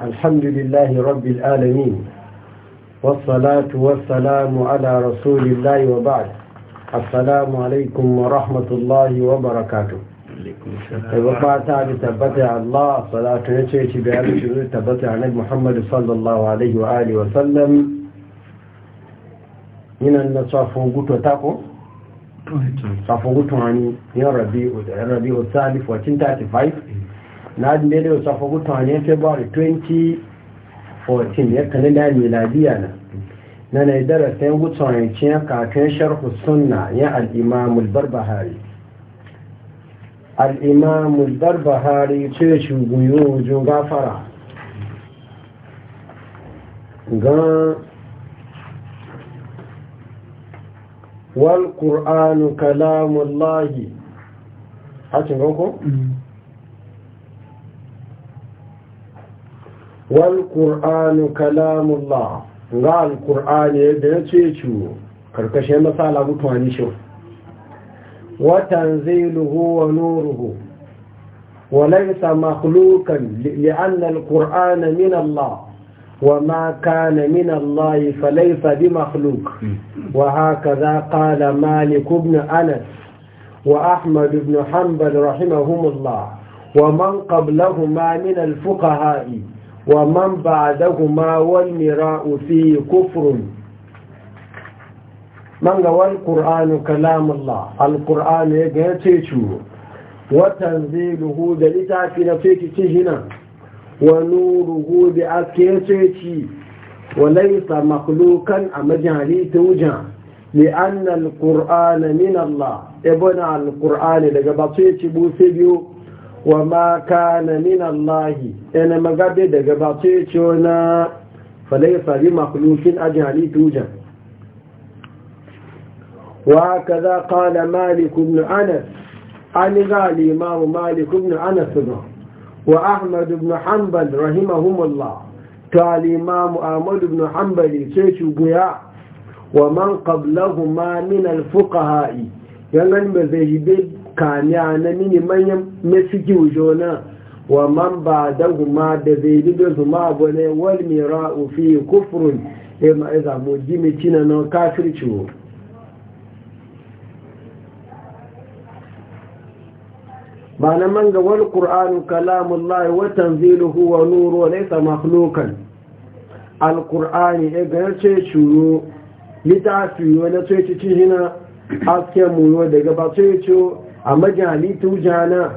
الحمد لله رب العالمين والصلاة والسلام على رسول الله وبعد السلام عليكم ورحمة الله وبركاته وبعد أيوة، تبتع الله صلاة تبتع محمد صلى الله عليه وآله وسلم من النصف وقوت وتاكو عني يا الثالث na ladin daidai wasu afagu tawanin february 2014 ya kalila miladiya na na na darasin ya kakin sharhu sunna ya al'imamul barbahari al'imamul barbahari ce shuguyo jo gafara gan wal ƙur'anu kalamun lahi a cikin والقرآن كلام الله ga alkur'ani yadda ya ce ciwo karkashe matsala mutuwani shi watan zai luhu wa nuruhu وليس مخلوقا لأن القرآن من الله وما كان من الله فليس بمخلوق وهكذا قال مالك بن أنس وأحمد بن حنبل رحمهم الله ومن قبلهما من الفقهاء wa mamba ba da kuma wani ra'ufi kufurin man ga wani ƙur'anu kalamun la al ya ga ya ce watan zai ruhu da littafi na feki cihina wani ruhu da aske ya ce ci walaisa makulukan a majali ta wujan mai annan ƙur'anu min Allah ebe na al daga ba ce ci biyu wa ma na min Allah ina magabe daga ba ce ce na falaysa bi makhluqin ajali tuja wa kaza qala malik na anas an gali malik na anas wa ahmad ibn hanbal rahimahumullah to al imam hanbali ce shuguya wa man qablahuma min fuka fuqaha yangan ba zai kamiya na mini manyan mafiki wujona wa man ba da huma da zai da zuma abu ne wal mira ufi kufurun ya e ma'iza mu jimi cina na kafirci wo ba na man ga wal ƙur'anu kalamullahi watan tanziluhu wa nuru wa laisa alƙur'ani ya e ga ce shuru litafi wani ce aske mu daga ba ce a majalitu jana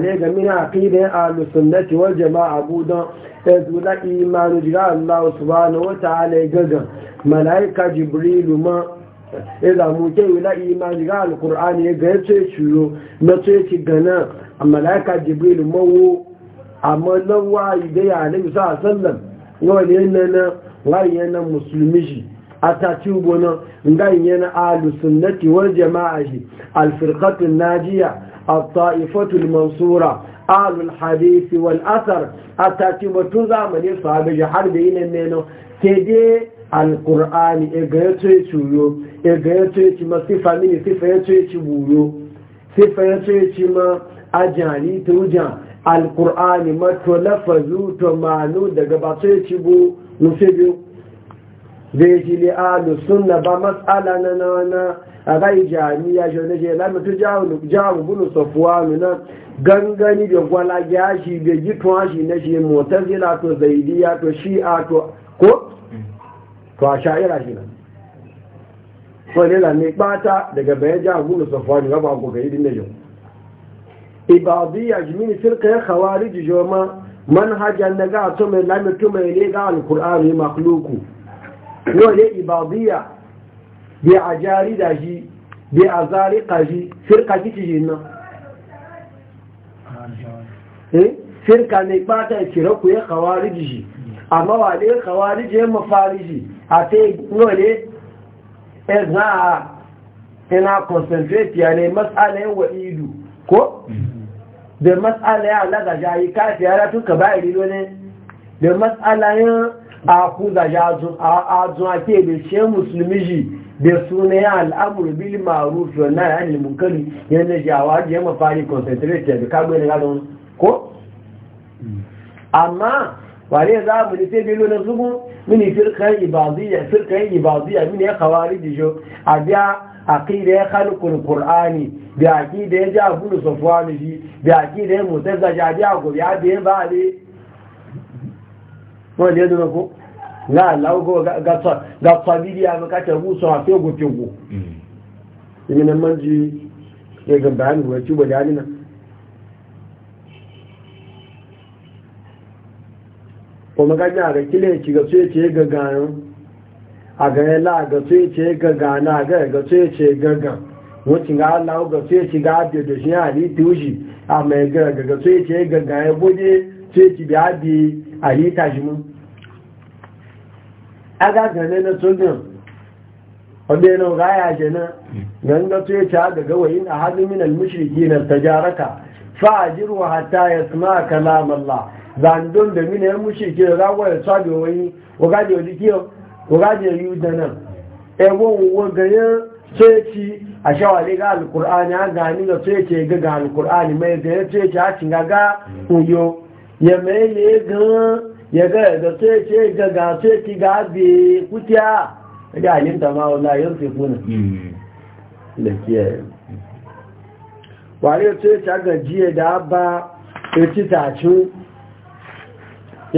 ne ga mina aqidin ahlus sunnati wal jama'a budan ta zula imanu jira Allah subhanahu wa ta'ala gaga malaika jibrilu ma ila mu ke wula imanu jira ya ga ce shiro na ce ki gana malaika jibrilu wo amma lawa idai alayhi sallam yau ne nan wariyan musulmi shi ataci gona nga yana ahlu sunnati wal jama'a shi alfirqatu najiya at-ta'ifatu al-mansura ahlu al-hadith wal athar ataci batun zamani sahabi har da yinan ne no sai dai alqur'ani e ga ya ciyo e ga yato ya ci ma sifa mini sifa yato ya ci buro sifa yato ya ci ma ajali tujan alqur'ani ma to lafazu to manu daga ba to ya ci bu nufe biyu zai ji ne alu ah, sunna ba matsala na nana, a rai jami'a shi wani jela mutu jawo bunu safuwa nuna gangani da gwala ya shi da ji tuwa shi na shi motar zila to zaidiya to shi'a to ko to a sha'ira shi nan wani da ne bata daga bayan jawo bunu safuwa ne gaba ko gaidi na yau ibadiyya jimini firka ya kawari jijoma manhajar ga mai lamitu ne alkur'ani makhluku dole ibadiyya bi a jari da shi bi a zari ƙashi firka kici na. nan eh, firka ne bata kira ku ya kawariji shi amma wale ya kawariji ya mafari a ta yi dole ya e za a ina concentrate ya ne matsalayen wa idu ko da matsalayen alaga jayi kafin ya ka ba iri ne da matsalayen a kuza ajun ake da ce musulmi ji da suna ya al'amur bil maruf wa na yanil munkari yana jawa ya mafari concentrate da kagbe na gadon ko amma wale za mu nufe bilo na zubu mini firkan ibadiyya firkan ibadiyya mini ya kawari da jo a biya aqida ya khalqul qur'ani bi aqida ya ja safwani bi aqida ya mutazza ja ja ya biya ba wọ́n lè dúró kó láàláwọ́gọ́ gàtọ̀ bíbí àmìkàtẹ̀ wù àti ògùnfègù ìmì na mọ́n jí ẹgbẹ̀n bàánù rẹ̀ tí wọ̀dá nínà ọmọgájá rẹ̀ kílẹ̀ ìkìgà tó èkè gagàrún àgẹ̀rẹ̀ láàgà tó èkè gagàrún àgẹ̀rẹ̀ tó èkè gagàrún wọ́n ti ga aláwọ́gà tó èkè gáàbẹ̀ dòṣì àrí tí ó yìí àmà ẹ̀gẹ̀rẹ̀ gagà tó èkè gagàrún ẹgbódé tó èkè bí á di àyíká jùmọ́ Aga gane na tunan wanda yana gaya shi na nan ga tuye ta daga wa yin a hadin min almushriki na tajaraka wa hata ya suna kalam Allah zandun da min yan mushriki da zagwa ya tsabe wani wagaje wani kiyo wagaje yi da nan ebo wagaye ya ci a shawale ga alkur'ani a gani ga sai ce ga alkur'ani mai da ya ci ta cin ga uyo ya mai ne ga ya ga ya sai ce ga ga sai ki ga bi kutiya ga alim da ma wala yau sai kuna hmm. da kiyaye wale ce ta ga jiye da ba sai ci ta ci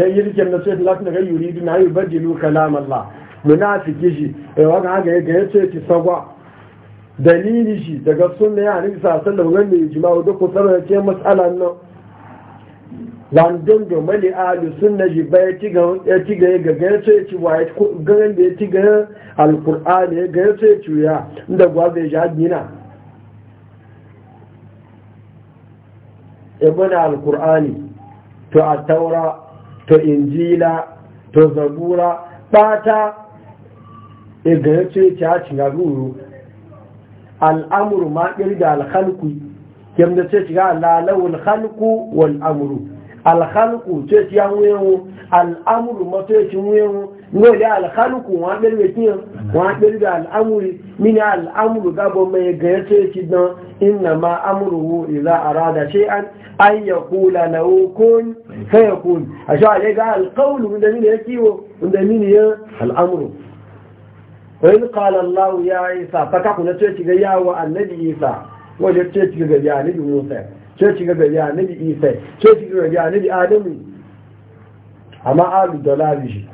ya yi rikin da sai lafi daga yuri, na yi bajilu kalam Allah munafiki shi eh wa haka ya ga ya ce ci sagwa dalili shi daga sunna ya sa sallallahu alaihi wasallam ne jima'u duk kusarar ce mas'alan nan zandun da mali alu sunna ji ba ya ci ga gaya gaga ya ci wa? da ya ci ga alkur'ani ya gaya ya ci ya inda gwa zai ja gina ibn alkur'ani to a taura to injila to zabura bata ya ga ya ci a ci ga al'amuru ma kirga alhalku yamda sai ci ga lalawul halku wal amuru alhalku ce ci ya wuyewu al'amuru ma ce ci wuyewu ne da alhalku wa ɗari da kiyan wa ɗari da al'amuri mini al'amuru gabo mai gaya ce ci don inna ma amuru iza arada ce an an ya kula na hukun sai ya kun a sha ne ga alkawulu da mini ya kiwo da mini ya al'amuru wani kala Allah ya isa fata kuna ce ci ga wa annabi isa wajen ce ci ga yawo annabi musa sai shiga gari annabi isa sai shiga gari annabi adamu amma alu dalali shi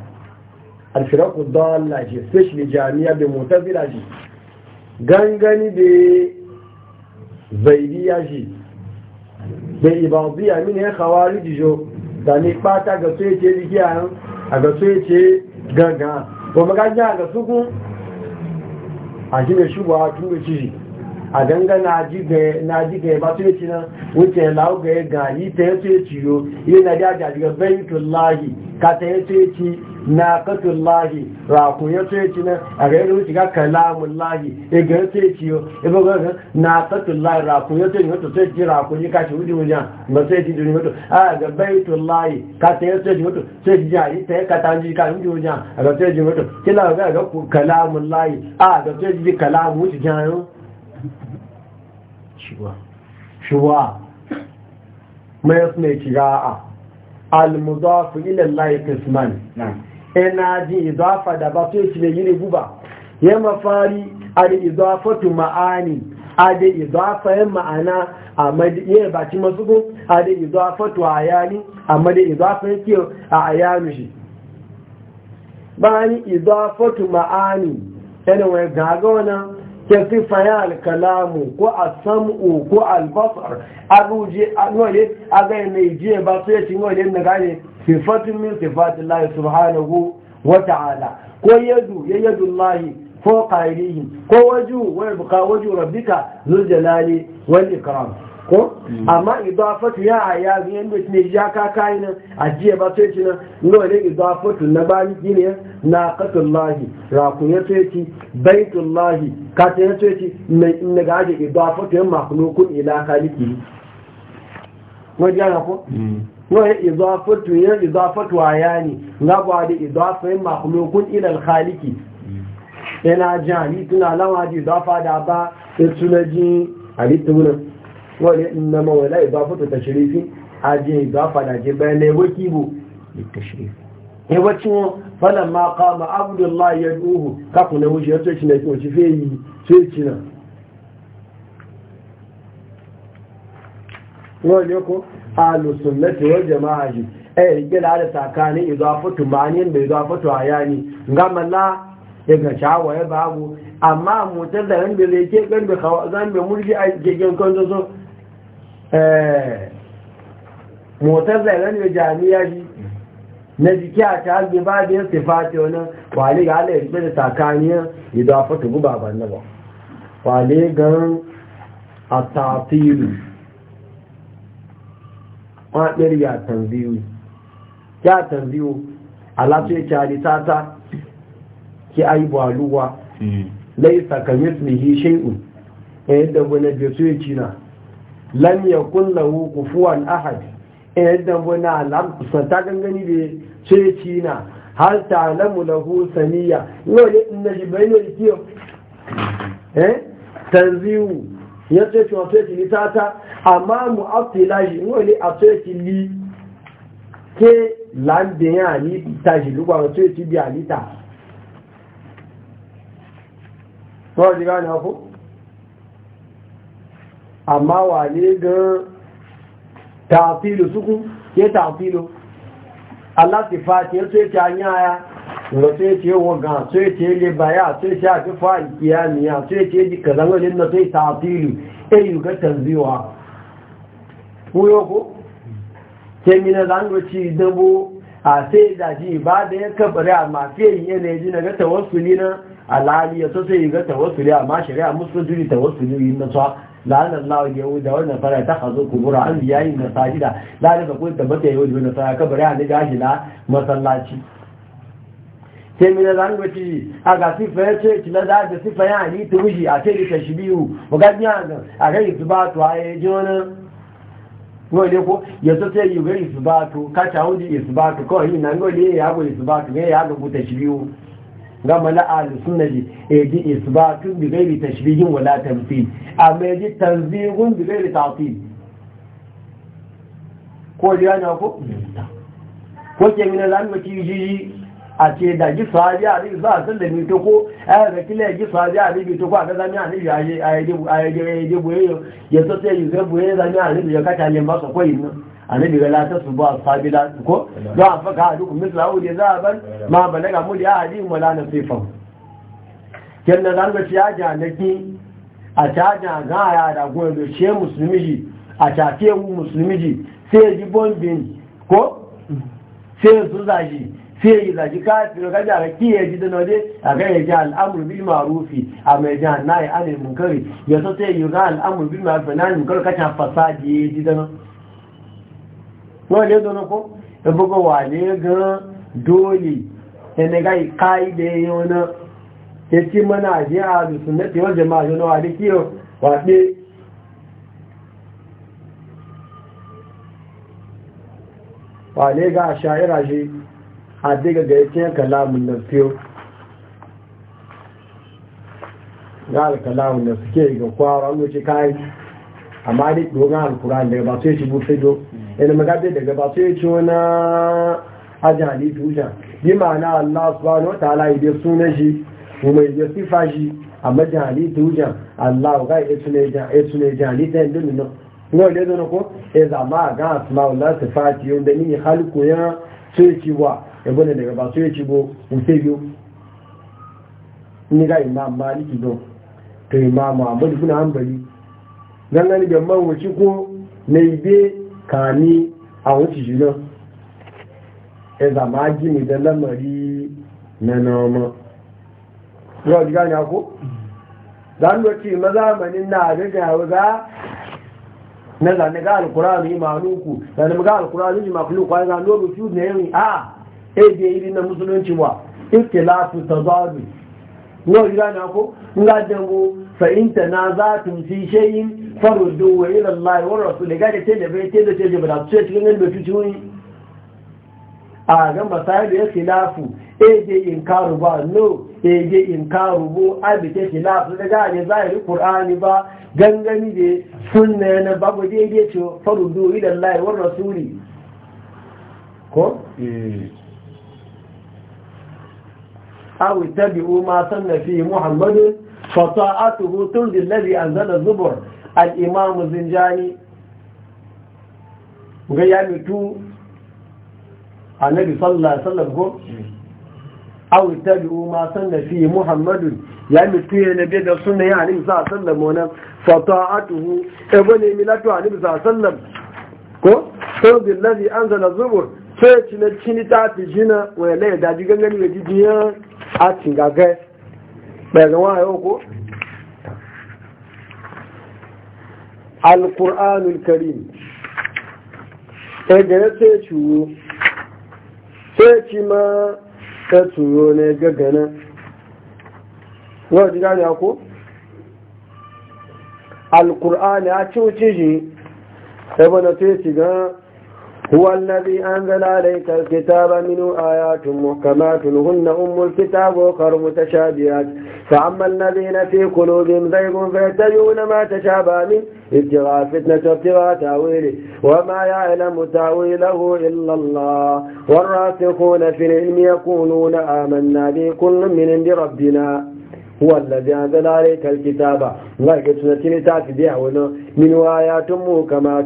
alfiraku dalla shi sai shi jami'a da mutazila shi gangani da zairiya shi da ibaziya min ya khawari jijo da ni pata ga sai ce rigiya a ga sai ce gaga ko magana ga suku a shi ne shubha tun da shi a ganga na ji ga ba su yaci nan wuce lau ga ya gani ta ya ciyo yi na da ga daga baitun lahi ka ta ya ci na katun lahi raku ya ce ci nan a ga yadda wuce ga kalamun lahi ya ga ya ciyo ya ba ga na katun lahi raku ya ce ni wato sai ci raku ya kashi wuce wujen ba sai ci duni wato a ga baitun lahi ka ta ya ci wato sai ci jari ta ya kata ji ka wuce wujen a ga sai ci wato kila ga ga kalamun lahi a ga sai ci kalamun wuce jayo shiwa shiwa mai suna kira'a al-mudafu ila Allah ina ji idafa da ba sai shi ne guba ya mafari al-idafatu ma'ani ade idafa ya ma'ana amma ya baci masuku ade idafatu ayani amma da idafa yake a ayanu shi bani idafatu ma'ani yana wai gaga wannan ke sifa alkalamu ko a sam'u ko albasar aruje anole aga mai jiya ba su ya yace ngole na gane sifatun min sifati Allah subhanahu wa ta'ala ko yadu ya yadu Allah ko aydihim ko waju wa buka waju rabbika wal ikram ko amma idafatu ya a ya biyan da ne ya ka kai nan a jiya ba sai ci nan no ne idafatu na bani gine na qatullahi ra ku ya sai ci baitullahi ka ta ya sai ci mai in daga aje idafatu ya makhluqun ila khaliqi wani yana ko hmm. wani idafatu ya idafatu ayani na ba da idafatu ya makhluqun ila al hmm. ina yana jani tuna lawaji idafa da ba sai tunajin halittu nan wani innama wala ibafatu tashrifi aje ibafa da je bayan ya waki bu ya ne wacce falan ma ma abdullahi duhu kafin na wuce to shi na ko shi feyi sai kina wani ko ahlus sunnati wa jama'a ji yi gila da tsakanin idafatu manin da yani gama la ya ga shawa ya babu amma mutar da ran da leke gan da kawo zan da murji a gegen kwanzo zo Eh, motar zairan da jami'a shi na jiki a ta halbe ba da yin sifati wani wale ga ala yarda da takaniyar idan a fata guba ba na ba wale gan a tatiru waɗin ya tanziyu ya tanziyu alatu hmm. eh, ya kyali tata ki aibu aluwa laisa kamis mihi shai'un yadda wani biyu su ya na. lam yakun lahu kufuwan ahad yadda eh, wani alam ta gangani da ce cina hal ta lamu lahu saniya ne na jibai ne kiyo eh tanzihu ya ce ci wato ci litata amma mu aftilaji ne a ce ci li ke lambe ya ni ta ji lugba wato ci bi alita ko ji gane ko amma wane ga tafilu suku ya tafilu Allah ti fati ya ce ta nyaya ga sai ce waga sai ce le baya sai a ga fa kiyamiya sai ce ji kaza wajen na sai tafilu eh yu ga tanziwa ko yo ko ke mina language dabo a sai da ji ba da ya kabari a mafiyayin ne ji na ga tawassuli na alaliya to sai ga tawassuli amma shari'a musulunci tawassuli na sa لعن الله اليهود فلا اتخذوا قبور انبيائهم مساجدا ذلك كل تبت يهود والنصارى كبر عن جاهلا مصلاتي sai mina zan wuce a ga sifa ya ce kila da ga sifa ya ni ta wuce a ce ta shi biyu ba ga biya a yi su ba to ai ji wani ne ko ya so sai yi su ba to yi su ba to kawai gole ya su ba to ya shi gama na alusunaji ya ji isbatun bi gairi tashbihin wala tamfil amma ya ji tanzihun bi gairi tafil ko ji yana ko? ko ke mina zan maki jiji a ce da ji sahabi a ribi za a san da mito ko a yi rakila ya ji sahabi a ribi to ko a ga zami a ribi a yi je buye ya sassa sai yi zai buye zami a ribi ya kata ne ba su kwayin nan annabi ga la tasbu ashabi la ko za a faka hadukum misla hu da zaban ma balaga mu da hadin wala sifa kin da zanga ci aja ki a taja ga ya da goyo da ce musulmi ji a mu musulmi ji sai ji bombin ko sai su zaji sai yi zaji ka gaja ga ya ji da node a ga yaji al'amur bil ma'rufi a mai ji hannaye anil munkari ya so sai yi ga al'amur bil ma'rufi na munkar ta fasaji ji da node wọ́n lè dọ́nà kó ẹgbogbo wà ní gan dóòlì ẹnẹgá ìká ilẹ̀ yẹn náà etí mọ́nà àti àrùsùn mẹ́tí wọ́n jẹ máa yọ́nà wàdí wà pé wà lè ga àṣà ìràṣe àdígaga ẹ̀kẹ́ kalamun na fiyo ga alkalamun na suke ga amma da ba su yi shi yana magabe daga ba sai ce wani ajin halittu wujan bi ma'ana Allah subhanahu wa ta'ala ya suna shi kuma ya sifa shi a majin halittu wujan Allah ga ya suna ya halittu yin dunin nan wani zana ko ya zama a ga asma'u la sifati yau da nini halittu ya sai ci wa ya bane daga ba sai ci bo mutai biyu ni ga imam maliki don to imam abu bin hanbali gangan da man wuci ko na ibe kàní àwọn òṣìṣẹ́ náà ẹ̀zà máa jí mi Na rí mẹ́nà ọmọ yóò jí gáyà kó zandoci mazamanin na abin hauza na zane ga alkuranu yi maluku zane ga alkuranu yi maluku wani zane lobe fiye na yawon a e ebe iri na musulunci wa ikilafu tazabi yóò jí gáyà kó ń gajin bu fa'inta na za tun fi shayin farudu wa ila Allah wa rasul ga da tele bai tele tele ba ce cikin nan bai a ga masalu ya khilafu e je inkaru ba no e je inkaru bo a bi te khilafu da ga ne zahiri qur'ani ba gangani da sunna na babu je je ce farudu ila Allah wa rasul ko أو اتبعوا ما سن فيه محمد فطاعته ترضي الذي أنزل الزبر al'imamu zinjani ga ya mutu a nabi sallallahu ala'uwa ko awu tabi'u ma sanna fi muhammadu ya mutu ya nabi da sunna ya nabi sallallahu ala'uwa wannan fata'atuhu ebe ne milatu a nabi sallallahu ko sau lafi an zana zubur sai ci na cini ta fi jina wani laye daji gangan yaji biyan a cingagai bai ga wayo ko alkur'anul karim ya sai ciwo sai ci ma ta tsoro ne gagana wadda gani ako alkur'ani a ciwuce shi sabana ta ci gan هو الذي أنزل عليك الكتاب sha آيات محكمات هن أم الكتاب وخر متشابهات zai الذين في قلوبهم زيغ فيتبعون ما تشابه منه ابتغاء فتنة وابتغاء تاويله وما يعلم تاويله إلا الله والراسخون في العلم يقولون آمنا به كل من عند ربنا هو الذي أنزل عليك الكتاب لك سنة لتعتدي من آيات محكمات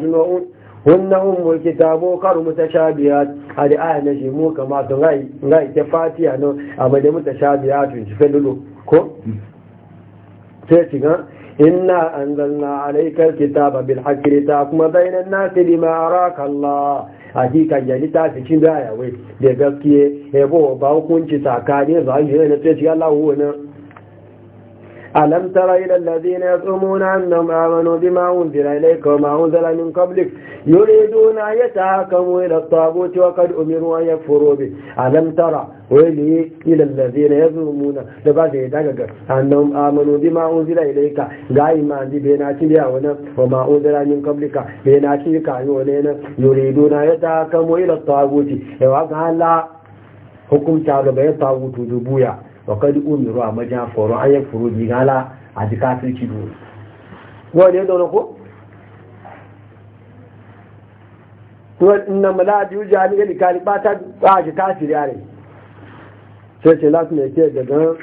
هن أم الكتاب وقر متشابهات هذه آية نجي محكمات غاي تفاتي أما متشابهات فلولو كو سيتي inna anzalna alaikar alkitaba bilhaq lita kuma bayna an-nasi bima araka Allah aji ka yani ta ci cin daya we da gaskiye yabo ba hukunci tsakanin zai yi ne tace Allah wannan ألم تر إلى الذين يزعمون أنهم آمنوا بما أنزل إليك وما أنزل من قبلك يريدون أن يتحاكموا إلى الطاغوت وقد أمروا أن يكفروا به ألم ترى ويلي إلى الذين يزعمون لبعض يدقق أنهم آمنوا بما أنزل إليك قاي ما عندي بيناتي بيعونا وما أنزل من قبلك بيناتي كعيونينا يريدون أن يتحاكموا إلى الطاغوت وقال لا حكم تعالى بين طاغوت وجبويا Wa ka ji umuru a ma ja koro ayyafuru riga la aji ka sarki ɗo. Wa ne zai daura ko? Kuma in na Malaji, wuce abin iri kare, ɓata ɗaci ta shirya ne. Soja lasinai kyau da gan.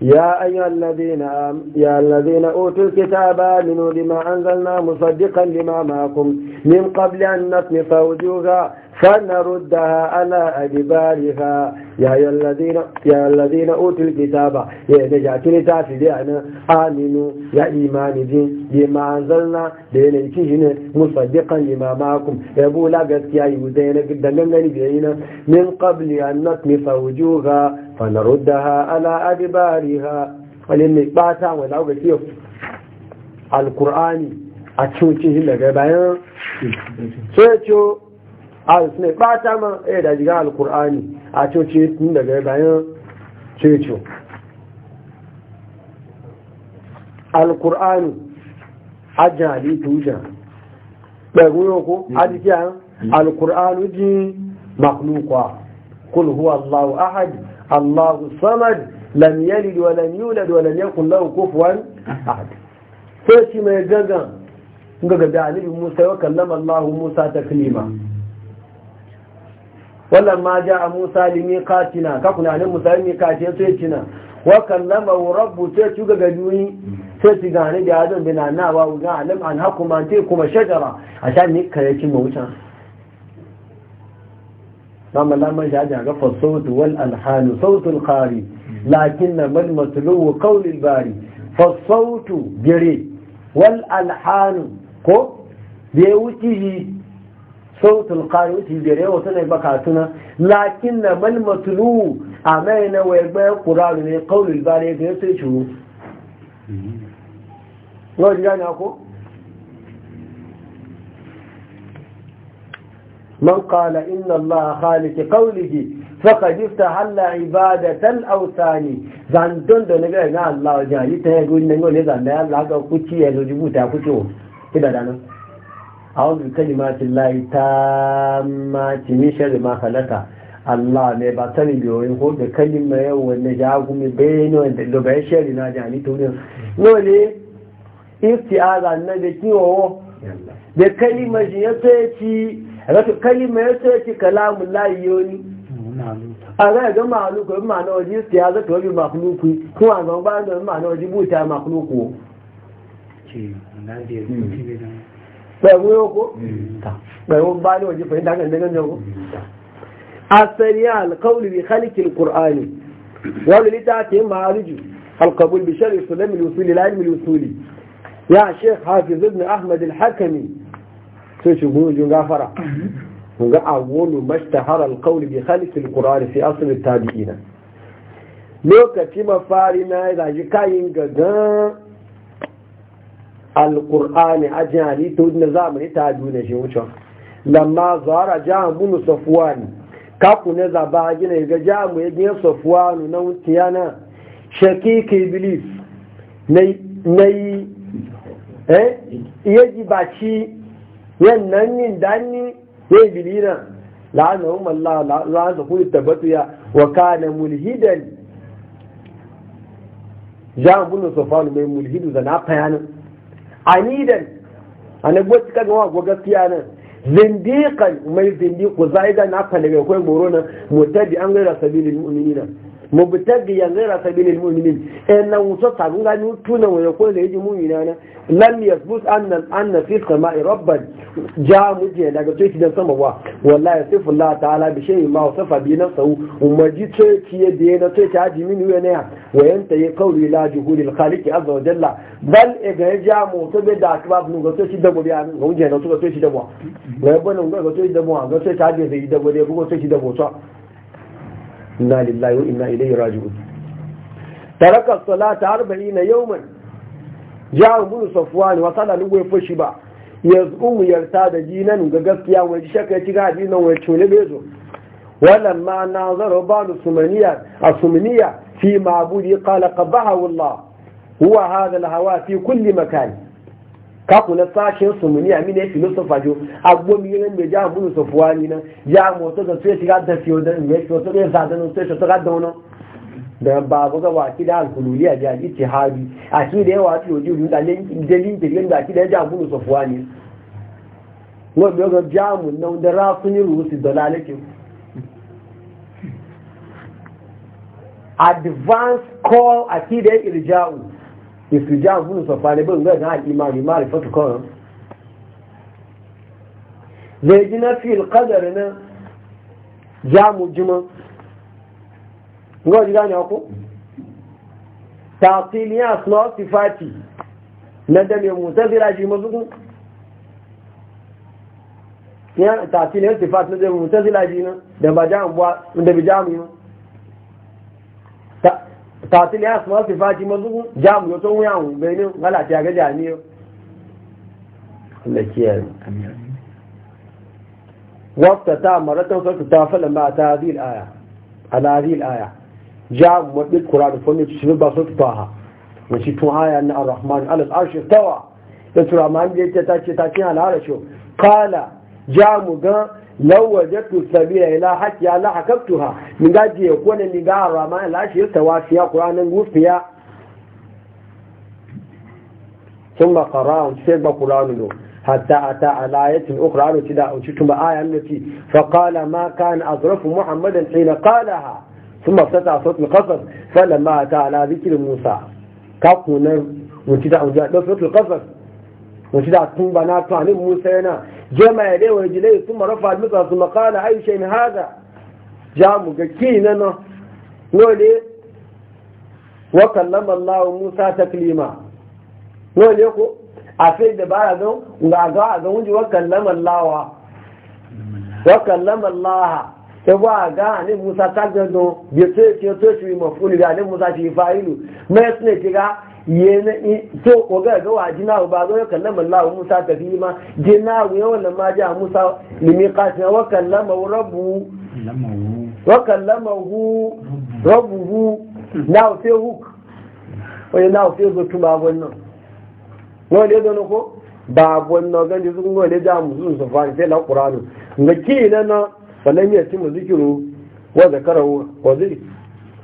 Ya ayyar na daina, ya daina otal kitaba da nuna da ma'anzar nan, musamman da kalli ma mako, min ƙwalliya na nasarar da fanarudaha ala adibariha ya yalladina ya yalladina utul kitaba ya ne ya kirita fi dai aminu ya imani din ya manzalna da ne kiji ne musaddiqan lima ma'akum ya bu la gaskiya yi ne gidan gani da yina min qabli an natmi fawjuga fanarudaha ala adibariha wallin ne ba ta wa da gaske alqurani a cikin hin da bayan a su ne bata ma ya eh, da jiga alkur'ani a coci tun daga bayan ceco alkur'ani ajin halittu wujan ɗagun mm. yau mm. alkur'ani ji maklukwa kul huwa allahu ahadi allahu samad lam yalid wa lam yulad wa lam lahu kufuwan ahad sai shi mai ga gaga da alibi musa ya kallama allahu musa taklima wannan ma ja musa limi katina ka kuna ne musa limi katina sai cina wa kallama rabbu sai ci ga gajuni sai ci gane da azan bina na wa ga alam an hakuma te kuma shajara a sha ni kare ci wuta. amma lamma ja ja ga fasautu wal alhanu sautul qari lakin mal matluu qawli al bari fasautu gire wal alhanu ko "Be Sautun qari ti bere wato ne baka tuna lakin na mal matlu amaina wa ba qur'an ne qaulul bari ga sai shu no diga na ko man qala inna allaha khaliq qawlihi faqad iftahalla ibadatan awsani zan don da ne ga Allah ya yi ta gurin ne ne zan da Allah ga kuci ya rubuta kuci ko kidada nan أعوذ بكلمات الله تامة من شر ما خلق Allah ne ba sani ko da kalima yau wanne ja gumi bayani wanda da bai shari na jani tunin nole iftiaza na da kiwo da kalima kalamun layi yoni a zai ga mahaluku in ma na waje iftiaza to bi mahaluku kuma ga ba da ma na waje buta mahaluku ce ɓaiwu yau ko? ɓaiwu ba ne waje fahimta kan daga jan ko? asali alkawli bi khalikin qur'ani wani littafi ma'ariju alkabul bi shari sulam lusuli la ilmi lusuli ya sheikh hafiz ibn ahmad al-hakami sai shi gujun gafara ga awwalu mashtahar bi fi asl tabi'ina lokaci mafari na ya zaji kayin gagan alkur'ani a jin halitta wadda zamani ta juna shi wucin lamma zara jihar bunu safuwani kaku na zaba a gina ga jihar mu ya gina safuwanu na wutiyana shakiki bilis. na yi eh iya gibaci yannan yin danni ya yi bilina La'ana umar Allah ku kuli tabbatu ya wa kana mulhidan jihar bunu safuwanu mai mulhidu zana fayanin anidan ana gwaci kaga wa gwa gaskiya nan zindikan mai yi zaidan na daga kai goro nan mutabi an gaira sabilil mu'minina مبتغيا غير سبيل المؤمنين ان وصلت على ان تونا ويقول يجي مؤمنانا لم يثبت ان ان في السماء ربا جاء مجي لا تقول في السماء والله يصف الله تعالى بشيء ما وصف به نفسه وما جيت كي دي انا تي تاجي من وين يا وانت يقول لا جهول الخالق عز وجل بل اذا جاء موتب داك باب نو تو شي دبو بيان نو جي نو تو شي دبو ويبون نو تو شي دبو نو تو شي دبو إنا لله وإنا إليه راجعون ترك الصلاة أربعين يوما جاء من صفوان وصلى نوي فشبا يزقوم يرتاد جينا وقفت يا وجشك يتقع جينا بيزو ولما ناظر بعض السمنية السمنية في معبود قال قبحه الله هو هذا الهواء في كل مكان kaku na sashen sumuni a mini filosofa jo agbo mi yirin mai jihar bulu sofuwa ni na ya moto da sai shiga da fiye da mai fiye da ya zaɗa na sai shiga da wani da babu ga waki da alkululi a jihar ita hari a ki da yawa fiye da yiwu da dalilin da yin da ki da ya jihar bulu sofuwa ne wani yau ga jamu na wanda rafuni rusi da lalace advance call a ki da irja'u ìfìjà fún ìsọ̀fà lẹ́gbẹ̀ẹ́ ìgbẹ́ náà ìmá rí máa rí fọ́tù kọ́rọ̀ lè jiná fi ìlkádẹ̀rẹ̀ náà já mú jímọ́ ngọ́ jígá ní ọkú tààtí ní àsìlọ́ ti fàtì lẹ́dẹ̀mẹ̀ mú tẹ́sílá jí mọ́ sókún tààtí ní àsìlọ́ ti fàtì lẹ́dẹ̀mẹ̀ mú tẹ́sílá jí náà dẹ̀bà já mú tààtí ní àsìmọ́ sí fàájí mọ́ lógún jáàmù yóò tó wí àwọn ògbẹ́ inú wọ́n àti agẹ́jẹ́ àní ó lẹ́kí ẹ̀rù wọ́n tẹ̀tà àmọ́rẹ́tàn sọ tẹ̀tà fẹ́lẹ̀ máa ta àdáàríl àyà jáàmù mọ́ pé kura fún mi ti bá sọ́tù ta ha wọ́n ci tún haya na arahman alas arshi tawa da tura ma an je ta ce ta ce al'arasho kala jáàmù gan lau wajatu sabila ila haki ala hakaktu ha ninga jiye kone ninga arama ila shi yasta wafiya kurana ngufiya summa qara'a sai ba qur'anu do hatta ata ala ayatin ukhra an tida an tutu ba ayan ne ci fa qala ma kan azrafu muhammadan hina qalaha summa fata sawt al qasr fa lamma ata ala dhikri musa ka kunan mutida an ja da al qasr yana جمع يديه ورجليه ثم رفع المصحف ثم قال اي شيء هذا جامو كينا نولي وكلم الله موسى تكليما نولي يقول أفيد بعضهم وعضهم وكلم الله وكلم الله تبوا غا ني موسى تاجدو بيتي تي تي مفعول ce ce shi mafuli ga anin musa shi yana so ko ga ga wa na ba zo ya kallama Allah Musa taklima jina ya wannan ma ja Musa limi qatina wa kallama rabbu wa kallama hu rabbuhu now sai hook wani now sai zo ba wannan wani da ko ba wannan ga ni sun wani da musu sun fa sai la qur'ani ngaki na falan ya ci mu zikiru wa zakara wa zikr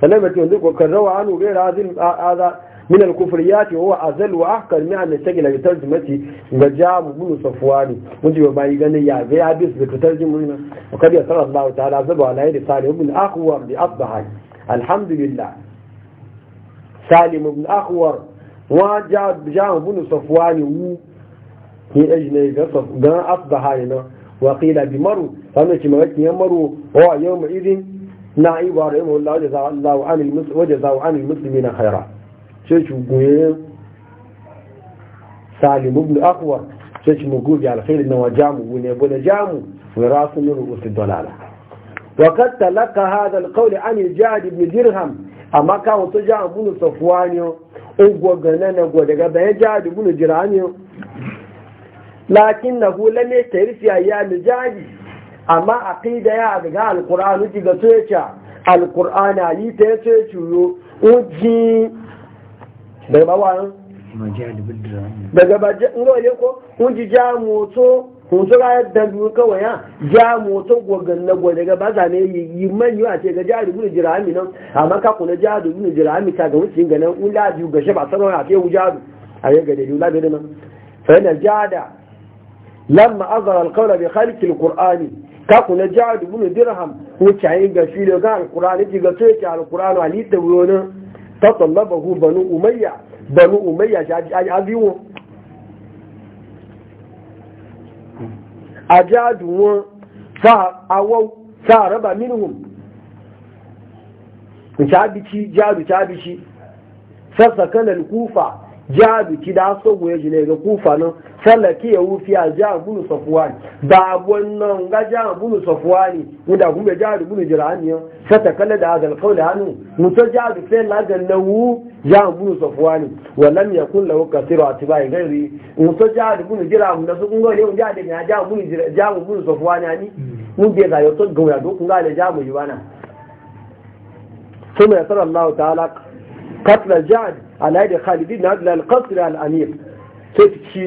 falan ya ci mu zikiru kan rawa anu gaira azin aza من الكفريات وهو أزل وأحقر من أن يشتغل بترجمته وجاب بن صفواني مجيب ما يغني يا زي عبس بترجمه وقد يسر الله تعالى عزبه على يد صالح بن أخور بأصبح الحمد لله سالم بن أخور وجاب جاب بن صفواني وو هي أجنبي أصبح هنا وقيل بمرو فأنا كما قلت يمرو هو يومئذ نائب رحمه الله وجزاه عن المسلمين خيرا sai shi goye salimu bin akwa sai shi mugu bi alkhairi na wajamu ne bude jamu wa rasu min ru'usi dalala wa kad talaka hadha alqawl an al-jad ibn dirham amma ka wato ja abun safwani ugwa gana na go daga bayan jad ibn dirham lakinnahu lam yatarfi ayyam jad amma aqida ya daga alqur'ani ga tsoyaca alqur'ani ali ta ya yace ciyo uji daga ba wani daga ba ngole ko kun ji ja moto kun tura yadda biyu kawai ya ja moto gogan na gode daga ba za ne yi manyu a ce ga ja da jirami nan amma ka kuna ja da jirami ta ga wucin ga nan ula biyu ga shi ba sanar a ce wujadu a ga da ula da nan fa ja jada lamma azara alkawar bai halki alkur'ani ka kuna jihar dubu dirham wuce a yi ga shi da ga alkurani ji ga soke alkurani a litin wani tatallabahu banu umayya banu umayya shi abiwo ajadu wọn sa'araba minhum cabici jadu cabici sassakan al-kufa jaabi ki da so goye ji ne ga kufa nan sallaki ya wufi a ja bunu safwani da wannan ga ja bunu safwani wanda kun be jaabi bunu jirani kala da azal qawli hanu muto jaabi fe la ga nawu ja bunu safwani wa lam yakun lahu kathiru atibai gairi muto jirani da su kun go ne wanda da ga ja bunu jirani ja bunu safwani ani mun hmm. ga yo to do kun ga da ja mu yibana ثم يسر الله تعالى قتل alhaji khalidi na abdullahi alkasiri al'amir sai ta ci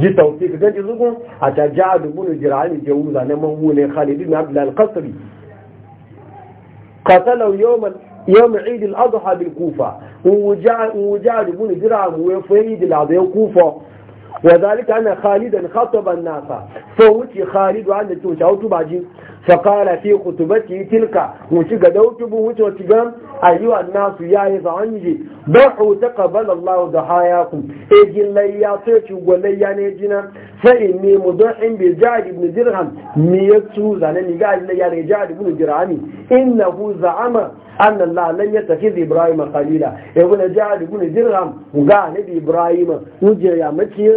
ji tausi ka ganci zugun a ta ja a dubu jirani jira ne na za ne khalidi na abdullahi alkasiri kasalau yawon idi al'adha bil kufa in wuja a dubu ne jirani wai fa idi al'adha ya kufa wa zalika ana khalidan khatoban nasa fa wuce khalidu an da ke wuce وعند توشا وتباجي فقال في خطبته تلك وشيغا دوتبو وشو تيغام ايها الناس يا يزعنجي بحو تقبل الله ضحاياكم اجي ليا تشو وليا نيجينا فاني مضح بجاد بن درهم ميتسو زانني قال لي يا رجاد بن درهم انه زعم أن الله لن يتخذ إبراهيم خليلا يقول جاد بن درهم وقال لي إبراهيم وجي يا متي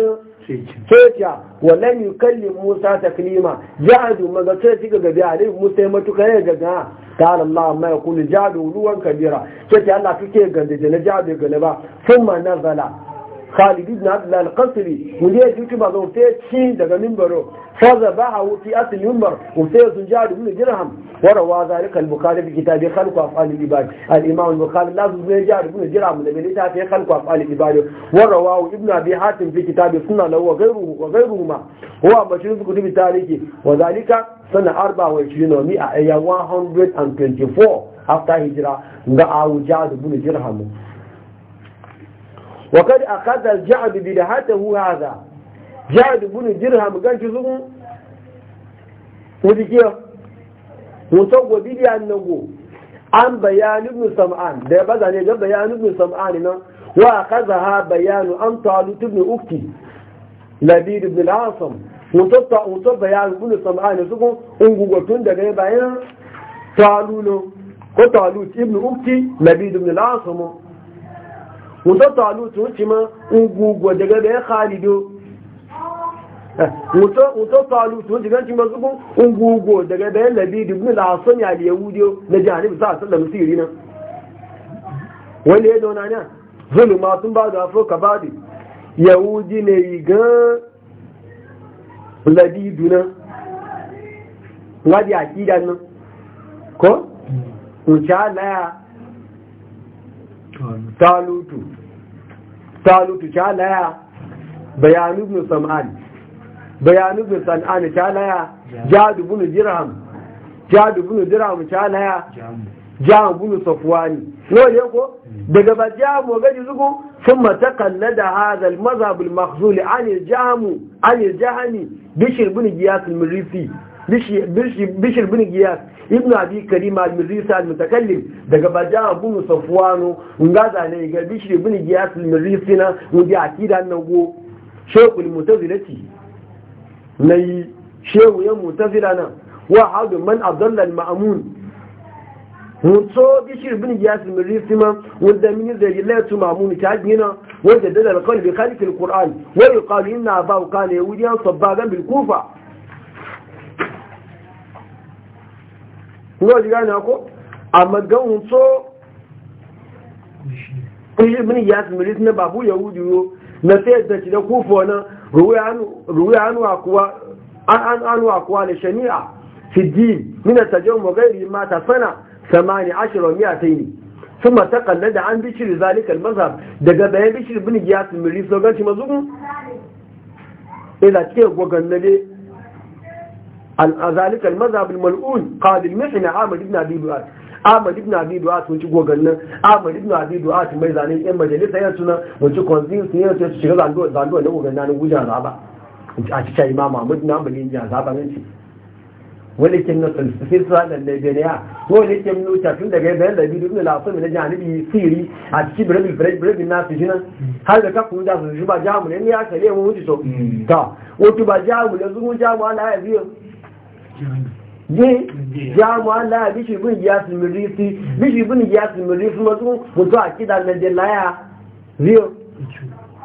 keja wannan yi kalli musa ta klima ya haju maza ce shiga gabi a rikin musa ya matuka ya gaga ƙarar lamar ya kuni jadu ruwan kabira ce ta yana suke gandaje na jadu gane ba sun ma nazala khalid ibn abdullah al-qasri wanda ya jiki ba zan ci daga minbaro fa zabahu fi asl minbar wa sai zunjar ibn dirham wa rawa zalika bukhari bi kitabi khalq afal ibad al-imam al-bukhari lazu zunjar ibn dirham da bai ta fi khalq ibad wa rawa ibn abi hatim fi kitabi sunan wa ghayruhu tarihi sana 24 mi a 124 after hijra ga awujad ibn dirham وقد أخذ الجعد بدهته هذا جعد بن درهم كان جزء وديكيه وتوقع بدي أنه عن بيان ابن سمعان ده بدا نيجا بيان ابن سمعان وأخذها بيان عن طالوت ابن أكتي لبيد ابن العاصم وتوقع بيان ابن سمعان سكو انقوة تندقى بيان طالوت ko talut ibn ukti labid ibn al-asam musa talutu wuce ma ungugu daga bai ya khalido musa talutu wuce ganci ma zubu ungugu daga bai ya labi dubu da hasan ya yahudiyo na jihani sa san da musiri na. wani ya zauna ne zulma sun ba da afro kabadi yahudi ne gan labi dunan ngadi akidan na. ko? Ucha mm. laya talutu talutu ta bayanu ibn sam'ani bayanu ibn ta jadu ibn jadu ibn ta jamu ibn safwani no ne ko daga ba jamu gaji zugu ثم تقلد هذا المذهب المخزول عن الجهم عن الجهمي بشر بن جياس المريسي bishir بن giyas ibn abi karim al-mirri al-mutakallim daga baja bunu safwanu ngaza ne ga bishri ibn giyas al-mirri sina wudi akida nago shaykhul mutazilati nayi shehu ya mutazila nan wa hadu man adalla al-ma'mun mutu bishir bin giyas mirisi ma wanda min zai la tu mamun ta gina wanda da alqal bi khaliq alquran wa yuqalu inna ba kana yahudiyan sabagan bil kufa ngo ji gane ko a magan so kuyi mini ya su milis na babu yahudi ro na sai da ci da kufo na ruwa anu kuwa an anu akuwa da shani'a fi din mina tajawun wa gairi ma ta sana samani ashirar miya ta yi ثم تقلد عن بشر ذلك المذهب daga bayan bishir bin giyas miri so ganci mazugun ila ce gogan nade ذلك المذهب الملعون قال المحن عامد ابن أبي دعات عامد ابن أبي دعات وانت قوغلنا عامد ابن أبي دعات ميزانين إما جلسة ينسونا وانت قنزين سنين تشغل عنده عنده أنه قلنا نوجه عذابا وانت أشياء إمام عمد نعم بلين عذابا منسي ولكن نصف هذا النيجيريا ولكن نوتافين daga yadda da bi dukkan lafiya na janibi siri a cikin birnin break break بريد su jina har da kafin da su ba jamu ne ya kare mu wuce to ta wato ba jamu da zuwa jamu Allah ya biyo ye jamu ala bishi bin ya simirisi bishi bin ya simirisi masu mutu a kidan na laya.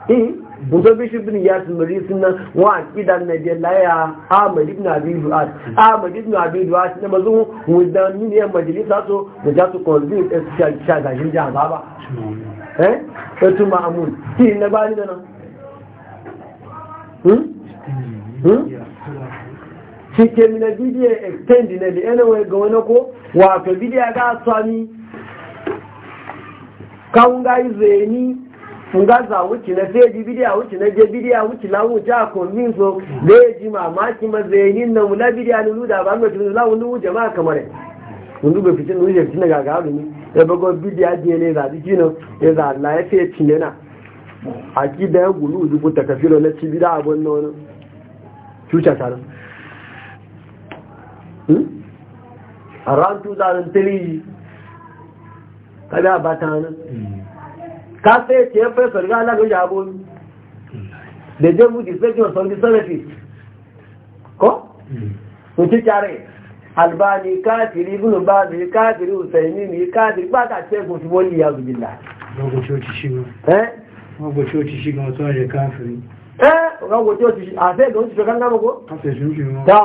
eh mutu bishi bin ya simirisi na wa a kidan na jelaya ahmad ibn abi duat ahmad ibn abi duat mazu ni ne majalisa da su su sha sha ga jin ja baba eh ti bani da nan hmm hmm cikin na bidiyo extend na da ene ga wani ko wato bidiyo ga sami kan ga izeni nga za wuce na ji bidiyo wuce na je bidiyo wuce na wuce a komin so da ya ji mamaki ma na mula bidiyo na luda ba mai tunan lawon nuhu jama'a kamar yanzu ga fitin nuhu jafi na gagaru ne ya bago bidiyo biya ne za jiki na ya za ya fiye na a kidan gulu zubuta kafiro na cibida abin nono cuta tarin Hmm? around 2003 kada ba ta nan hmm. ka sai ce fa sarga Allah ga jabo da je mu dispension from the service ko hmm. mu ci tare albani kafiri ibn babi kafiri usaini ni kafiri ba ta ce go wani ya zu billah go chochi shi eh go chochi shi go to ya kafiri eh go chochi a sai go shi kan ga go ka sai shi ta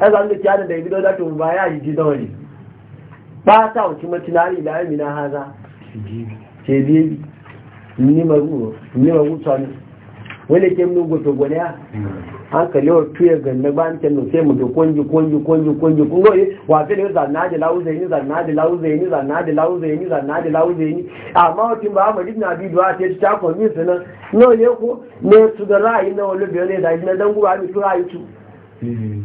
ẹgbà ní kí á nìdẹ̀ ìbídọ́ dákì mú báyá yìí dán rí pátá òkí mọ́ ti láàrin ìlà ẹ̀mìnà haza ṣe bí ní magu tọ́nu wọ́n lè kí mú gbogbo ya an kalli wa tuye ganna ba nke nan mu da kwanji kwanji kwanji kwanji kun goyi wa fi ne zanna da lauze ni zanna da lauze ni zanna da lauze ni zanna da lauze ni amma wakin ba mu dinna bi duwa sai ta ko mi sanan no ne ko ne su da ra'ayi na wani biyo ne da na dan guba mi su ra'ayi su hmm.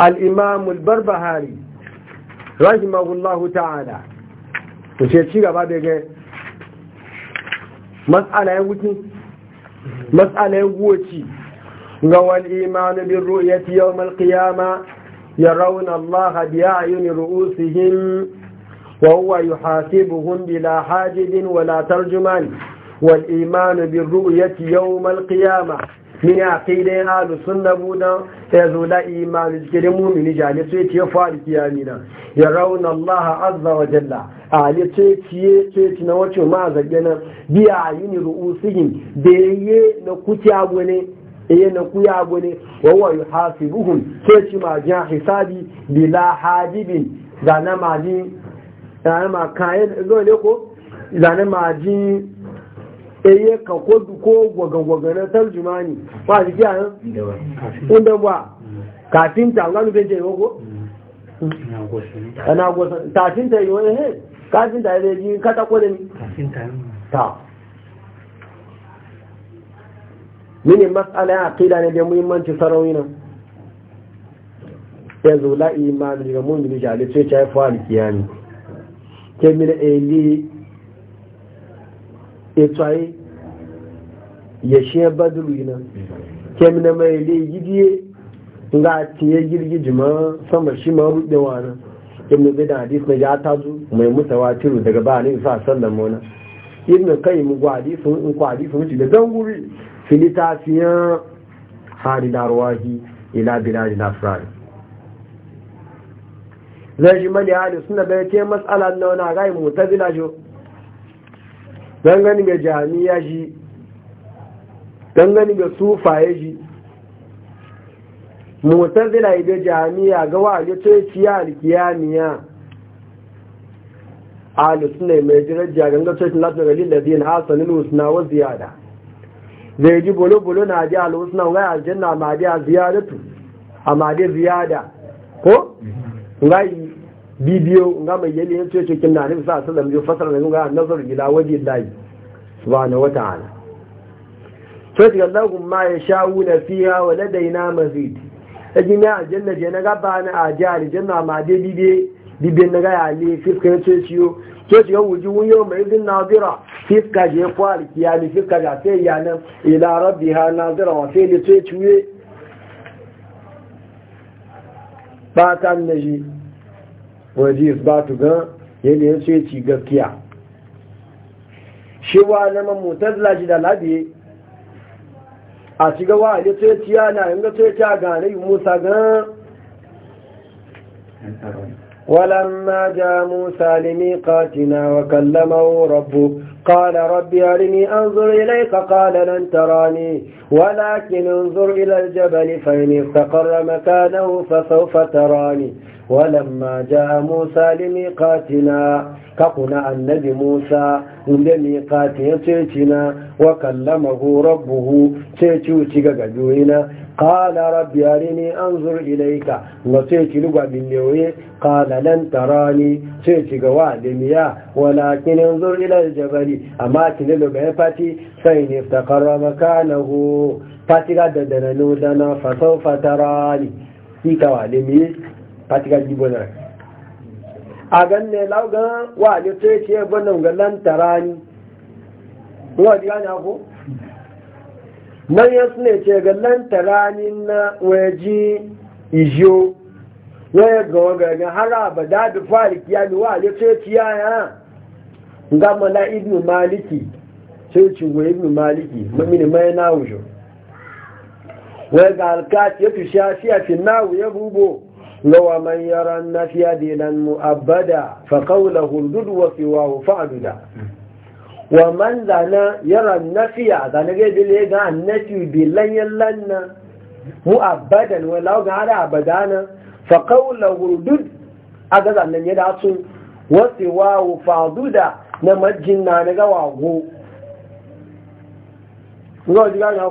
al'imamul barbahari rahimahullahu ta'ala ku ce ci gaba da ga matsalayen wuki matsalayen guwaci ga wal'imanu bin ru'yati yau malkiyama ya rauna Allah biya a yuni ru'usihim wa huwa yuhasibuhum bila hajibin wala tarjuman والإيمان بالرؤية يوم القيامة mini a kai dai halu sun na budan ya zo da imani jikirin mumini jale sai ce fari kiyami na ya rauna Allah azza wa jalla a hali sai ciye sai ci na wacce ma zage nan biya yini ru'usihin da yaye na kuci abu ne yaye na kuya abu yi sai ci ma jan hisabi bila hajibin zane zane ma kayan zo ne ko zane ma ji eye ka ko ko gwagagwaga na tarjuma ne ba shi kiya nan inda ba kafin ta ga nufin ce yau ana gosa kafin ta yi wani he kafin ta yi ji kata ko ne ni ta mini mas'ala ya aqida ne da muhimmanci sarauni nan ya zo la imani ga mu'mini jali sai ta yi fa alkiyami ke mini eli ya e tsaye ya shi badru ina kem na mai le gidiye nga tiye girgiji ma sama shi ma rudewa na zai da hadis na ya tazu mai mutawatiru daga ba ne sa sallan mona na kai mu gwadi sun in kwadi sun ci da zanguri filitafiyan harida ruwahi ila bilal nafran zai shi mali hali suna bai ce mas'ala na wani a gai mutazila jo dangane ga jami'a shi dangane ga sufaye shi motar zila ga jami'a ga waje tsohiciya alkiyamiya alusu ne mai jirajja ganga tsohicin latin galil da zai na asalin usna wa ziyada zai ji bolo-bolo na ji alusna wa aljanna ma ji a ziyadatu a ma ji ziyada ko? ngayi bibiyo nga mai yali ya ce cikin na nufi sa'a sallam yau fasar da nuna nazar gida waje layi subhanahu wa ta'ala to daga lahum ma ya sha'u na fiya wa ladaina mazid ta jini a janna je na gaba na a jihar janna ma dai bibiye bibiye na gaya ne fiska ya ce ciyo ke shiga wuji yau mai zin nazira fiska je kwari kiyami fiska ga sai nan, ila rabbi ha nazira wa sai ne ce ciye ba ta naji wani isbatu ga yanayin su ya ci gaskiya shi wa na mamutar ji da labe a ci gawa a yi tsoyaci yana yin ga tsoyaci a gane yi musa ga walamma ja musa limi katina wa kallama wa rabu قال ربي أرني أنظر إليك قال لن تراني ولكن انظر إلى الجبل فإن استقر مكانه فسوف تراني ولما جاء موسى لميقاتنا kakuna annabi musa inda miƙati ya ceci na wa kallamahu rabbuhu ceci uci ga gajoyi na Kala rabbi ne an zuru ilaika ce ci lugwa nan tara ne ce ci ga wa limiya Wala an zur ilar jabali amma kini lugwa ya fati sai ne na hu fati ga daddana nudana fasau fatarani ikawa limiye fati ga jibonar a gan ne laugan wa ne sai ce banan ga lantara ni wa ji gane ko nan ya sune ce ga lantara ni na waji ijo waya ga waga ga haraba da bi ya ni wa ne sai ci ya ga mala ibnu maliki sai ci wa ibnu maliki mamini mai na wujo waya ga Alkaci ya tusha shi a finnawu ya bubo lọ́wọ́ man yára nnáfíà dínan mu abada fàkàwùlà hundúdúwọ̀ fi wà wù fàdúdà wà man dáná yára nnáfíà zanagé délé ga annáfí bi lanyan lanna mu abada ni wọn láwọn gáda abada na fàkàwùlà hudud, a ga zanen yadda a tun wasu wà wù fàdúdà na majin na ga wà wù. Ngọ́n ti ká yàn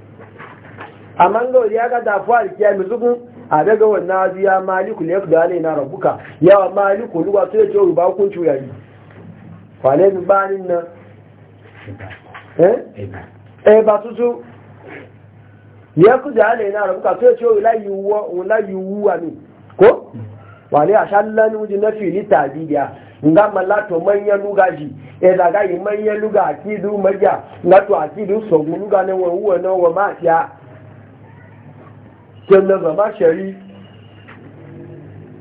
amma ga wani ya ga dafuwa alkiya mai zugun a daga wannan azu ya maliku ne da ne na rabuka yawa maliku ruwa sai ce ruba kun cuyari kwale min banin nan eh ba tutu ya ku da ne na rabuka sai ce wala yuwa wala yuwa ne ko wale a shallan wuji na fili tabiya nga malato manyan lugaji e daga yi manyan luga akidu maja nga to akidu sogun luga ne wa wuwa na wa mafiya kyannan zama shari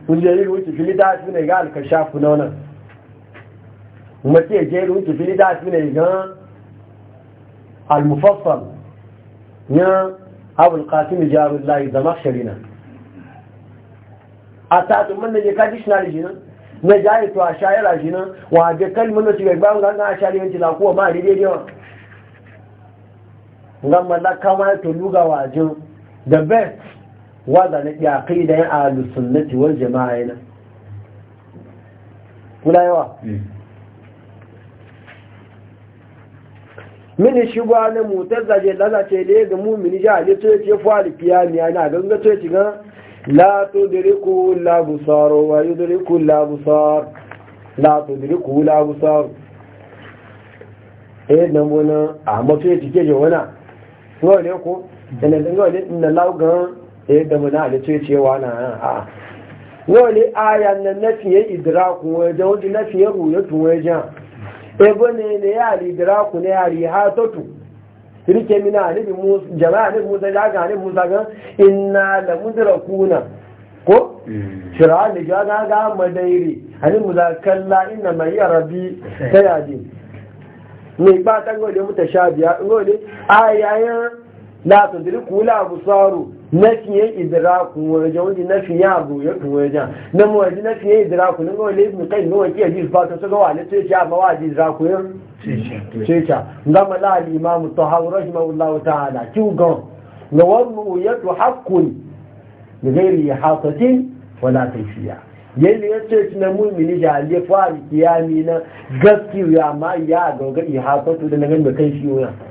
sun je yi wuce fili da su ne ga alkasha kuna wannan mace ya je wuce fili da su ne ga almufassal ya abul qasim jarullahi zama shari na a to man da je kaji shi na da shi nan na jaye to a shayara shi nan wa ga kalmin da su ga gbamun ga a shari yanci lakuwa ma a daidai yawa ngan mallaka ma ya to lugawa jin da bet wadda na yaƙi da ya alu sunnati wal jama'a yana kula yawa hmm. mini shi gwa na mutar zaje lalace da ya ga mumini ja ne to yace fari fiyami yana ganga to yace ga la tudriku la busar wa yudriku la busar la tudriku la busar eh nan wona amma to yace ke je wona to ne ko yana zanga wani na laugan da ya damu na halittu cewa na a wani aya na nafiye idraku wajen wajen nafiye ruyatu wajen ego ne ne ya ali idraku ne ya ali hatatu rike mina alibi musa jama'a alibi musa da ga alibi musa ga da la mudrakuna ko shira da ga ga ga madairi alibi musa kalla inna mai ta tayadi ne ba tango da mutashabiya ngode ayayan la na fiye idira nafiye waje wajen na fiye abu ya kun waje na mu fiye idira idraku na wale ibn qayyim ne wajen ji fa to ga wale to ya ma wajen idraku yan cece ngama la al imam tahawi rahimahullahu ta'ala ki ga na wannan uyatu haqqun bi ghairi hasatin wala kayfiya yadda ya ce na mumini da alifu a kiyami na gaskiya ma ya ga ga ihasatu da na gani kai shi yana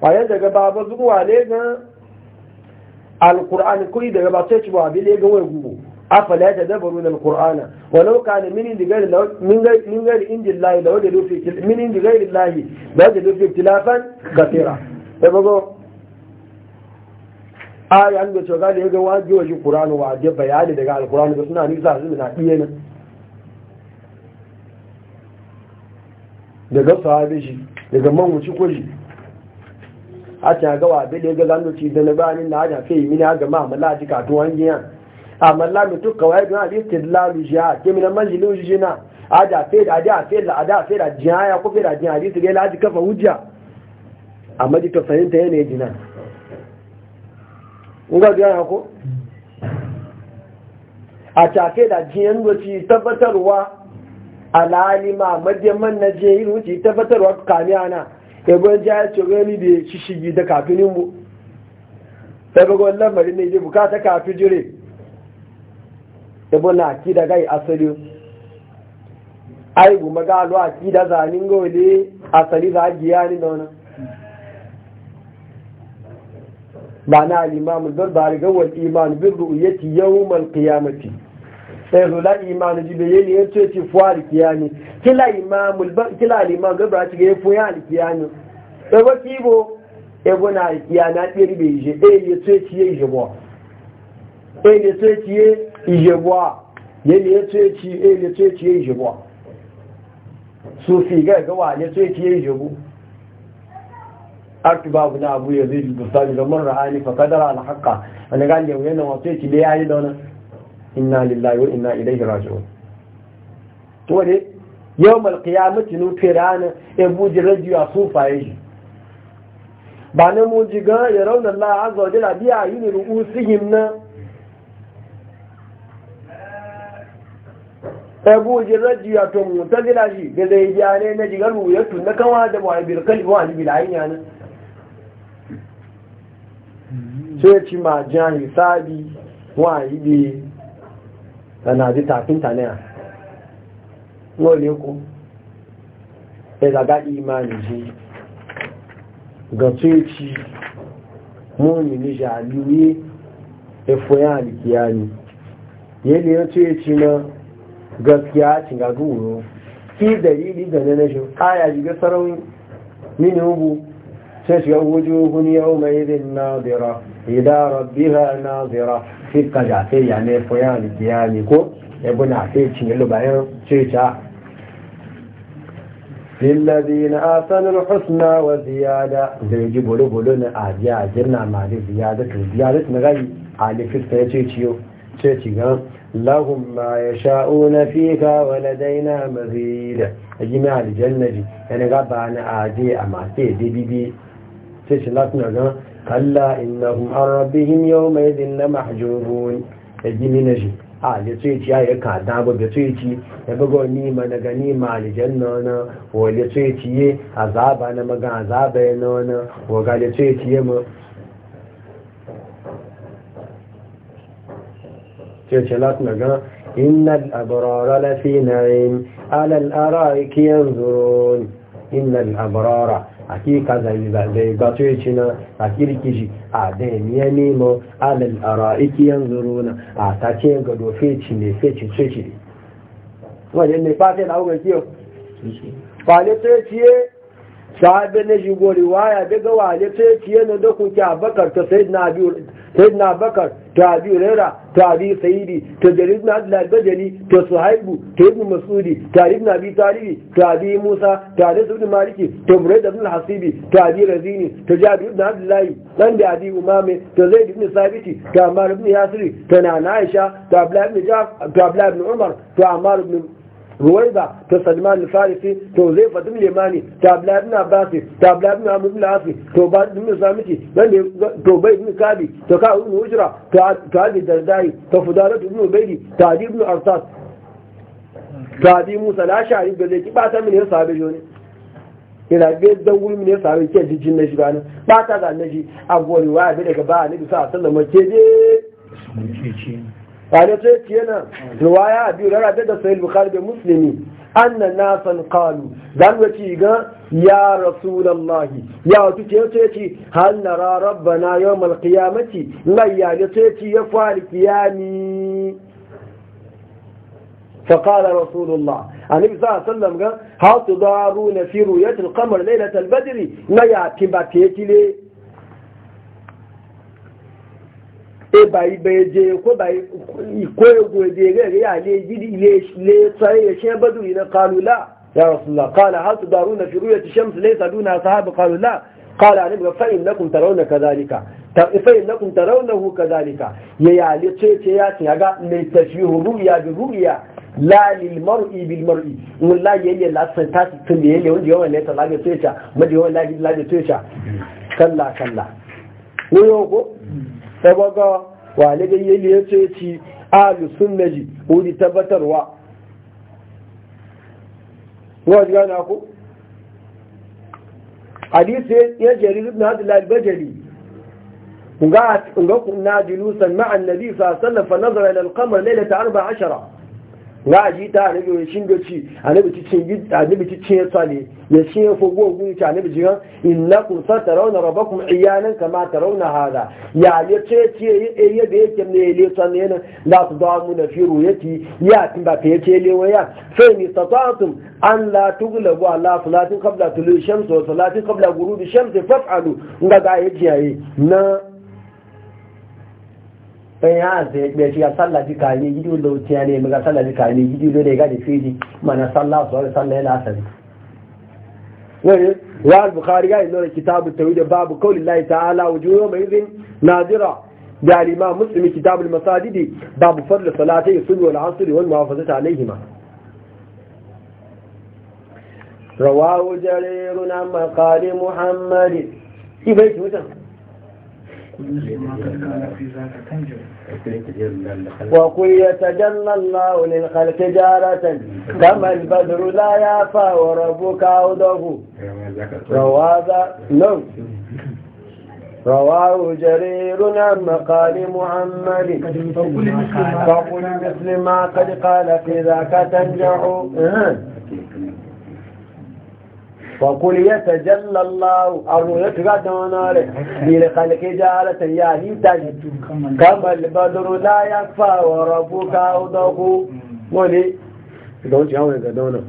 wayan daga baba zuwa legan ga alkur'ani kuri daga ba sai ci ba bi legan wai gugu afala ta dabaru na alkur'ana walau kana min inda gairi min gairi min gairi injil da wadda lufi min inda gairi lahi da wadda lufi tilafan kasira da bago an da cewa da ya ga waje wa qur'ani waje bayani daga alkur'ani da suna nisa su na iya nan daga sahabi shi daga manwuci kwaji shi a ta ga wa bele ga zanu ci da labani na ja fe mini ga ma mala ji ka to wani ya amma la mi to kawai ga ali istidlalu ja ke a da fe da da fe da da fe da ko fe da jiya ga amma ji to fahimta yana ga ko a tafe da jiyan wuce tabbatarwa alalima madiyan man na yi wuce tabbatarwa kamiya na ebon jihar cogani da ya shishigi da kafinin mu ɗabagon lamarin ne ji bukata kafin jire ebon na akida gai asali aibu magalo akida zanen gole asali za a giya ni da ba na don ba alimamu zarbari gawar imanu bin ru'uyati yawon malkiyamati sai la imanu jibe yeli ya ce ci fuwa alkiyani kila imamu kila aliman gabra ci ga ya fuwa alkiyani sai bo, kibo na gona a ɗiri bai ije eh ya ce ci ije buwa eh ya ce ci ya ije buwa yeli ya ije buwa sufi ga gawa ya ce ci ya ije buwa arti babu na abu ya zai jibustani da mun ra'ani fa kadara wani yau yana wasu ya ci da ya inna lillahi wa inna ilaihi raji'un to ne yawmal qiyamati nu firana e buji rajiya su faye shi ba ne mu ji ga ya rauna Allah azza wa jalla biya yin ru'usihim na e buji rajiya to mu ta jira shi da dai ya ne na jigar mu ya tunna kanwa da wa bil kalbi wa bil ayn yana sai ci ma jan hisabi wa ibi ẹ̀nà àti tààkíntà náà wọ́n lè kú ẹ̀dàgá ìmáàlì jí gàtú èkì mọ́ọ̀nì ní ṣàlúwé ẹ̀fọ́yà àlìkíyà ni yẹ́ lè rántú èkì náà gaskiya shiga gúrò kí dalili ga na nashin aya shiga sarauni mini hugu sai shiga idan fika da ta yi ne fo yan rigiya ni ko ebu na fi cin ilu bayan cica lillazi na asanar husna wa ziyada da yi a bulubulu na ajiya a jirna ma da ziyada to ziyada ta ya ce ciyo ce ci gan lahun ma ya sha'u na fi ka wa ladai na mazida e a yi mai alijan na ji yana e gaba na ajiya a masu ya dibibi ce ci lafi na gan كلا إنهم عن ربهم يومئذ لمحجوبون يجيني نجي آه لتويتي آه يكا دابا بتويتي يبقو نيما نغا نيما لجنونا ولتويتي آه، عذابا نمغا عذابا نونا وغا لتويتي آه، يما تيشلات نغا إن الأبرار لفي نعيم على الأرائك ينظرون إن الأبرار hakika zai gato na a kirkiji a da ya nemo alal a ra'iki yanzu runa a ta ce ga ne feci ce ne wajen ne fata da hukar kiyo kwale ciye na shigo riwaya daga wale ciye na a bakar ta sai na biyu sayyidina bakar ta abi rera ta abi sayidi ta jarid na adla bajani ta suhaibu ta ibn masudi ta ibn abi ta abi musa ta da sabbin maliki ta murai da hasibi ta abi razini ta jabi ibn adlai da abi umame ta zaid ibn ta amar ibn yasiri ta na aisha ta abla ibn ta abla ibn umar ta amar ibn ruwaida to salman al-farisi to zai fadin limani to abdullahi ibn abbas to abdullahi ibn amr ibn afi to ba ibn samiti to bai din kabi to ka ibn hujra to abi dardai to fudaratu ibn ubaydi ta adi ibn arsas to adi musa la ashari da zai kibata min ya sahabe joni ina ga dan wuri min ya sahabe ke jijin na shi ba nan ba ta a gori wa bi daga ba ne bisa sallama ke je ce kenan riwaya biyu da rabe da sahih bukhari da muslimi anna nasan qalu dan wace ga ya rasulullahi ya wato ce ce ce hal nara rabbana yawm alqiyamati lai ya ce ce ya fali kiyami فقال رسول الله عن النبي صلى الله عليه وسلم قال هل تضارون في رؤية القمر ليلة البدر لا يعتبر تيتي e ibe eje ko ba iko ego eje ere ere ya le ile le le tsare ya shin badu ina qalu la ya rasulullah qala hal tudaruna fi ru'yati shams laysa duna sahaba qalu la qala alim fa'in lakum tarawna kadhalika ta fa innakum tarawnahu kadhalika ya ya le ce ce ya ti ga le tashihu ru'ya bi ru'ya la lil mar'i bil mar'i wallahi yayi la san ta tun da yayi wanda yawan ne ta lage ce ta madi yawan lage lage ce ta kalla kalla ko yo ko saboda waliga yeli ya ce ci ahlu sunnaji wuri tabbatarwa wa ji gana ku hadisi ya jari ibn abdullah bajali ga ga kunna julusan ma'a annabi sallallahu alaihi wasallam fa nazara ila al-qamar 14 nga ji ta ne bi shin goci anabi ci cin gid anabi ci cin sale ya shi ya fogo gun ta anabi kusa ta rauna raba kuma iyanin kama ta rauna hada ya ya ce ce ya da yake ne ya sanne ne Za su da mu na firu ci ya tin ba ta ce lewa ya sai ni tsatsun an la tuglabu ala salatin qabla tulu shams wa salatin kabla gurubi shams faf'alu nga ga yaji yayi na ɗan ya zai ɓe shi ya sallah ji kane gidi wanda wuce ya nemi maga sallah ji kane gidi wanda ya fi ji mana sallah su wani sallah yana asali wani ya bukari ya yi nuna kitabu tawi da babu kawai lai ta'ala wajen yau mai zin nazira da alima musulmi kitabul masajidi babu fadla salatai sun wal asri wal muhafazata ma. Rawawu jarirun amma qali muhammad ibai mutan وقل يتجلى الله للخلق جارة كما البدر لا يافى وربك عوده رواه نعم رواه جرير عن مقال محمد فقل مثل ما قد قال في ذاك تنجح وقل يتجلى الله الرؤية قدونا لخلق جارة يعني تجد كما البدر لا يكفى وربك أوضه ولي دونت يوم قدونا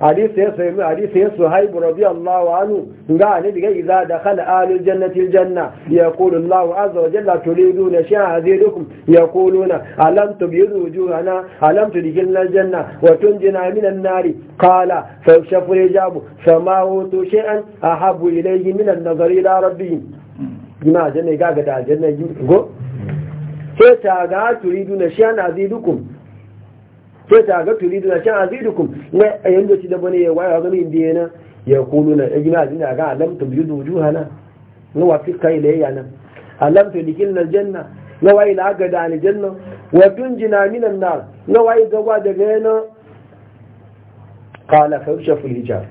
hadisi ya sayi hadisi ya suhaibu radiyallahu anhu ga annabi ga idza dakhala alul jannati aljanna yaqulu Allahu azza wa jalla turiduna sha'adirukum yaquluna alam tubyidu wujuhana alam tudkhilna aljanna wa tunjina minan nari qala fa yashafu rijabu fama utu shay'an ahabu ilayhi minan nazari ila rabbihim ina janna ga ga da janna go sai ta ga turiduna sha'adirukum sai ta ga turi da can azidukum na yanda shi da bane ya waya ga min diyana ya kulu na ejina azina ga alam tubidu juhana? na wa fi kai da yana alam tudikilna aljanna na janna. wa ila ga da janna wa tunjina minan nar na wa ga wa ga yana qala fa yushaful hijab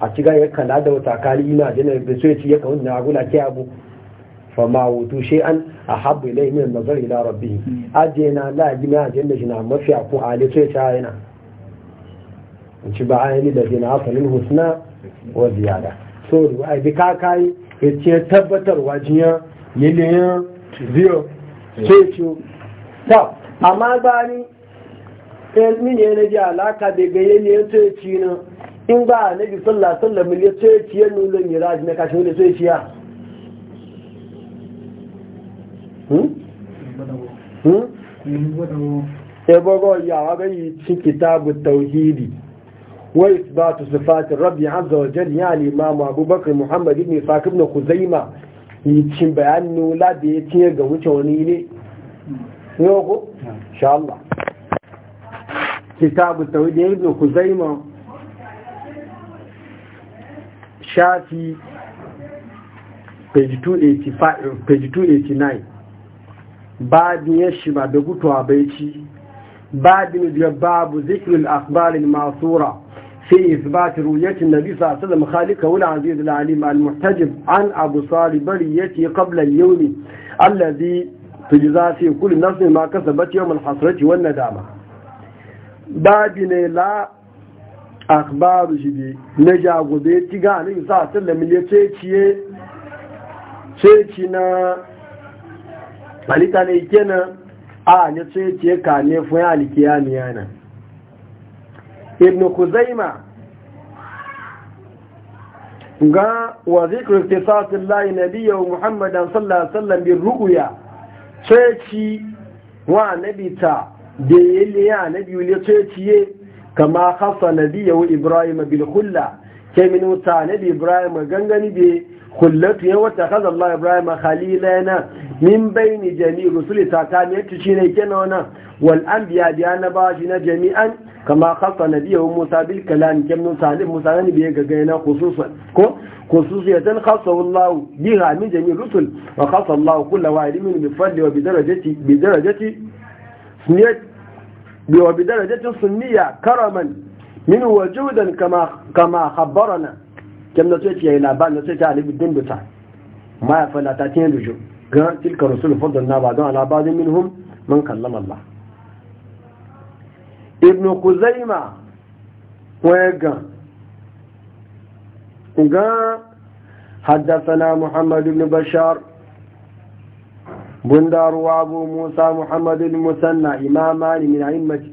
a ciga ya kala da wata kali ina jana da so ya ci ya kawo na gula ke abu fama wutu shi an a habu ilai min nazar ila rabbi ajena na la gina ajena shi na mafi a ale hali sai ta yana in ci ba ayyani da zina asalin husna wa ziyada so da ai bi ka kai ya ce tabbatarwa jiya yiliyan ziyo sai ci ta amma ba ni ilmi ne na ji alaka da ga yiliyan sai ci na in ba na bi sallah sallah mil ya ci ya nuna miraj na kashin da sai ci ya Hmm? Hmm? ebogo yawa bai ci kitabu tauhidi wa isbatu sifati rabbi azza wa jalla ya al-imam abubakar muhammad ibn fakib na kuzaima yi cin bayanu la da ya tiye ga wuce wani ne yoko insha Allah kitabu tauhidi ibn kuzaima shafi page page 289 babin ya shi ba da gutuwa bai ci babin da babu zikirin akbarin masura fi isbat ruyatin nabi sallallahu alaihi khalika wal aziz al alim al muhtajib an abu salib bariyati qabla al yawm alladhi tujza fi kulli nafs ma kasabat yawm al hasrati wan nadama babin la akhbaru jibi na jagobe tiga ne sallallahu alaihi wasallam ya ce ciye na alika ne kenan a ne ce ce ka ne fun yana ibn kuzaima ga wa zikru ikhtisasillahi wa muhammadan sallallahu alaihi wasallam bi ru'ya ce ci wa nabita da yalle ya nabiyu ne ci ye kama khassa nabiyyu ibrahim bil khulla kai min wuta nabi ibrahim gangani be خلته واتخذ الله إبراهيم خليلنا من بين جميع رسل تاتانيت شيني كنونا والأنبياء ديانا باشنا جميعا كما خلط نبيه موسى بالكلام كم نوسى عليه موسى نبيه قينا خصوصا كو خصوصية خاصه الله بها من جميع رسل وخاص الله كل واحد منه بفضل وبدرجة بدرجة سنية وبدرجة سنية كرما منه وجودا كما كما خبرنا kyan na tsoci ya yi labarin na tsoci a libid dinduta ma ya fana ta tiye da jo ga tilka rasul fadar na ba don alabarin minhum man kallon allah ibnu kuzaima kwega ga haddasana muhammad ibn bashar bunda ruwa bu musa muhammadu musanna imama ni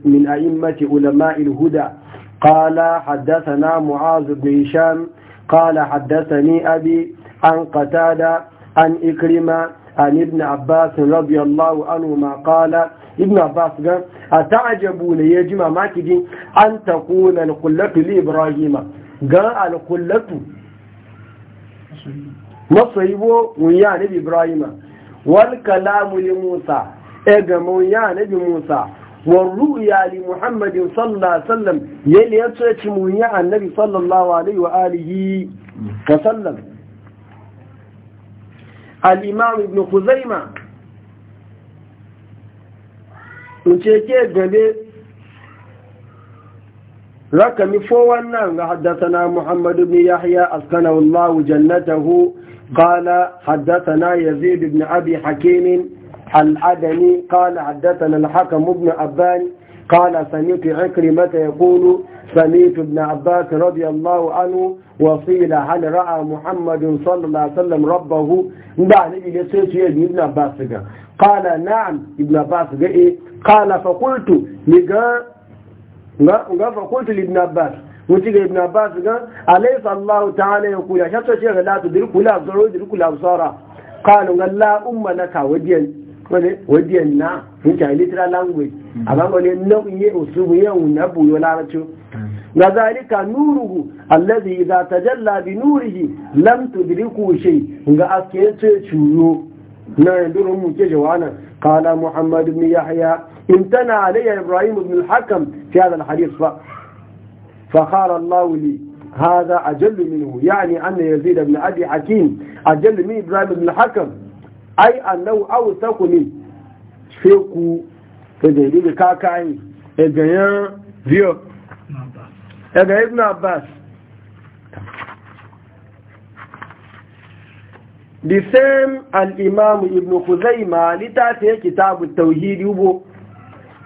min a'immati ulama il huda قال حدثنا معاذ بن هشام قال حدثني أبي عن قتادة عن إكرمة عن ابن عباس رضي الله عنهما قال ابن عباس قال أتعجبون يا جماعة ما كدين أن تكون القلة لإبراهيم قال القلة مصيبه ويا نبي إبراهيم والكلام لموسى إجمع ويا نبي موسى والرؤيا لمحمد صلى الله عليه وسلم يلي يتشمون عن النبي صلى الله عليه وآله وسلم الإمام ابن خزيمة وشيكي جميل رقم فوانا حدثنا محمد بن يحيى أسكنه الله جنته قال حدثنا يزيد بن أبي حكيم العدني قال حدثنا الحكم بن أبان قال سمعت عكرمة يقول سمعت ابن عباس رضي الله عنه وصيل هل رأى محمد صلى الله عليه وسلم ربه بعد إلى ابن عباس قال نعم ابن عباس قال فقلت لقى فقلت لابن عباس wuce ga ibn abbas ga alaysa allah ta'ala ya kula shatta shi ga la tudriku la zuru dirku la absara qalu la umma laka wajiyan wani wajen na a literal language a ba wani nau'in usubu yawon na buyo larabci mm-hmm. ga zalika nuruhu allazi idza tajalla bi nurihi lam tudriku shay ga aske ce curo na durun mu ke jawana qala muhammad ibn yahya imtana alayya ibrahim ibn al-hakam fi hadha al-hadith fa fa qala allah li هذا أجل منه يعني أن يزيد بن أبي حكيم أجل من إبراهيم بن الحكم ai annahu aw takuni sai ku ta jeli da kakani e ganyan biyo e ga ibn abbas the same al-imam ibn khuzaima litafi kitab at-tauhid yubo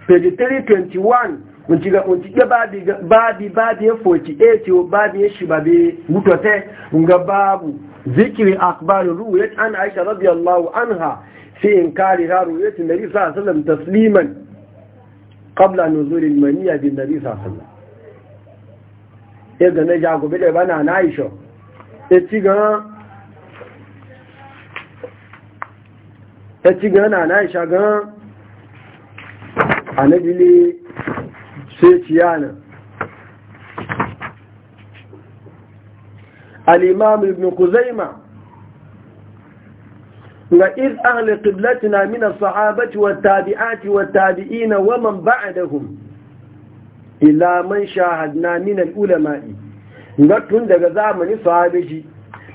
page 321 ntiga ntiga babi babi babi 48 babi shibabe mutote nga babu zikiri akbari ruhu ya ana aisha radiyallahu anha fi in kari ha ruhu ya ci nari sa'asallam tasliman na zuri mani ya bi nari sa'asallam yadda na jagobe da bana na aisha ya ci gana na aisha gana a na bile sai ci yana al-imam ibn kuzaima ga iz na qiblatina min as-sahabati wat-tabi'ati wat-tabi'ina wa man ila man shahadna min al-ulama'i ga tun daga zamani sahabe shi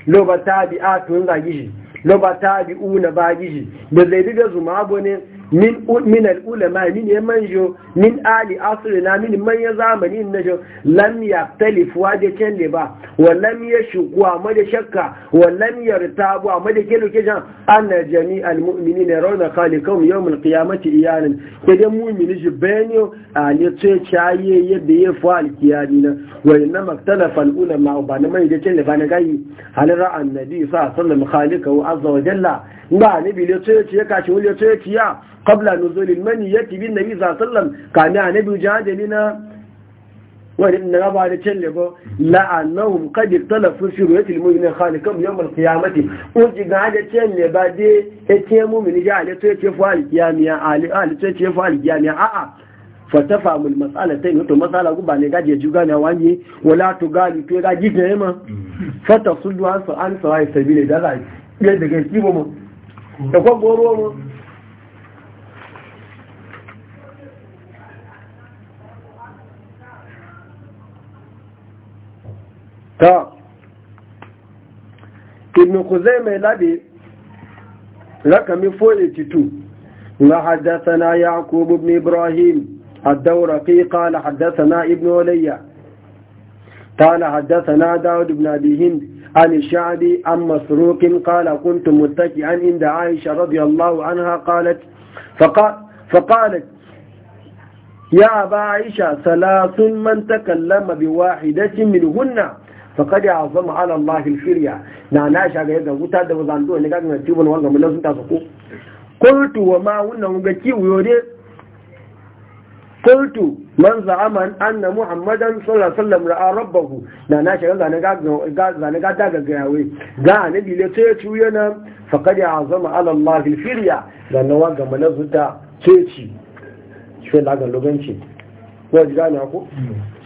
lo ba tabi'a tun zagi shi lo ba tabi'una ba da zai diga zuma bone min min ulama min ya min ali asrina min man zamani na jo lam yaktalifu wa da kelle ba wa lam yashku wa da shakka wa lam yartabu wa da kelo ke jan anna jami'al mu'minin rauna khaliqahum yawm al-qiyamati iyanan ke da mu'mini ji benyo ali tsaye chaye yadda ya fa al-qiyami na wa inna maktalafa ulama ba na man da kelle ba na gayi halara annabi sa sallallahu alaihi wa sallam khaliqahu azza wa jalla ba ni bi le tsaye ya kashi wani tsaye ya qabla nuzulil maniyati bin nabi sallallahu alaihi wasallam kani annabi jadalina wani na gaba da can lego la'annahum qad ikhtalafu fi ru'yatil mu'minin khaliqum yawm al-qiyamati uji ga da can le ba de ete mu'mini ga ale to ete fa al-qiyamiya ali ali to ete fa al-qiyamiya a a fa tafamu al-mas'alatayn to mas'ala ku ba ne ga je juga na wani wala to gali to ga ji ne ma fa tasuddu an sa'an sawa'i sabili daga kibo da ko goro ta ibn kuzaima labi rakami 482 na يعقوب بن إبراهيم ibrahim في قال حدثنا ابن وليا قال حدثنا داود بن أبي هند عن الشعبي عن مسروق قال كنت متكئا عند عائشة رضي الله عنها قالت فقال فقالت يا أبا عائشة ثلاث من تكلم بواحدة منهن faƙaɗi a zama ala Allah shirya na na shaga yadda wuta da ba zanduwa ne gaggan cibin wanga mulan sun tasa ko kultu wa ma wannan ga kiwo ne kultu man za'ama anna muhammadan sallallahu alaihi wasallam ra'a rabbahu na na shaga zane ga zane ga daga gayawe ga annabi le sai ya ci wuya yana faƙaɗi a zama ala Allah shirya da na wanga mulan sun ta ce ci shi lagan loganci ko ji gane ko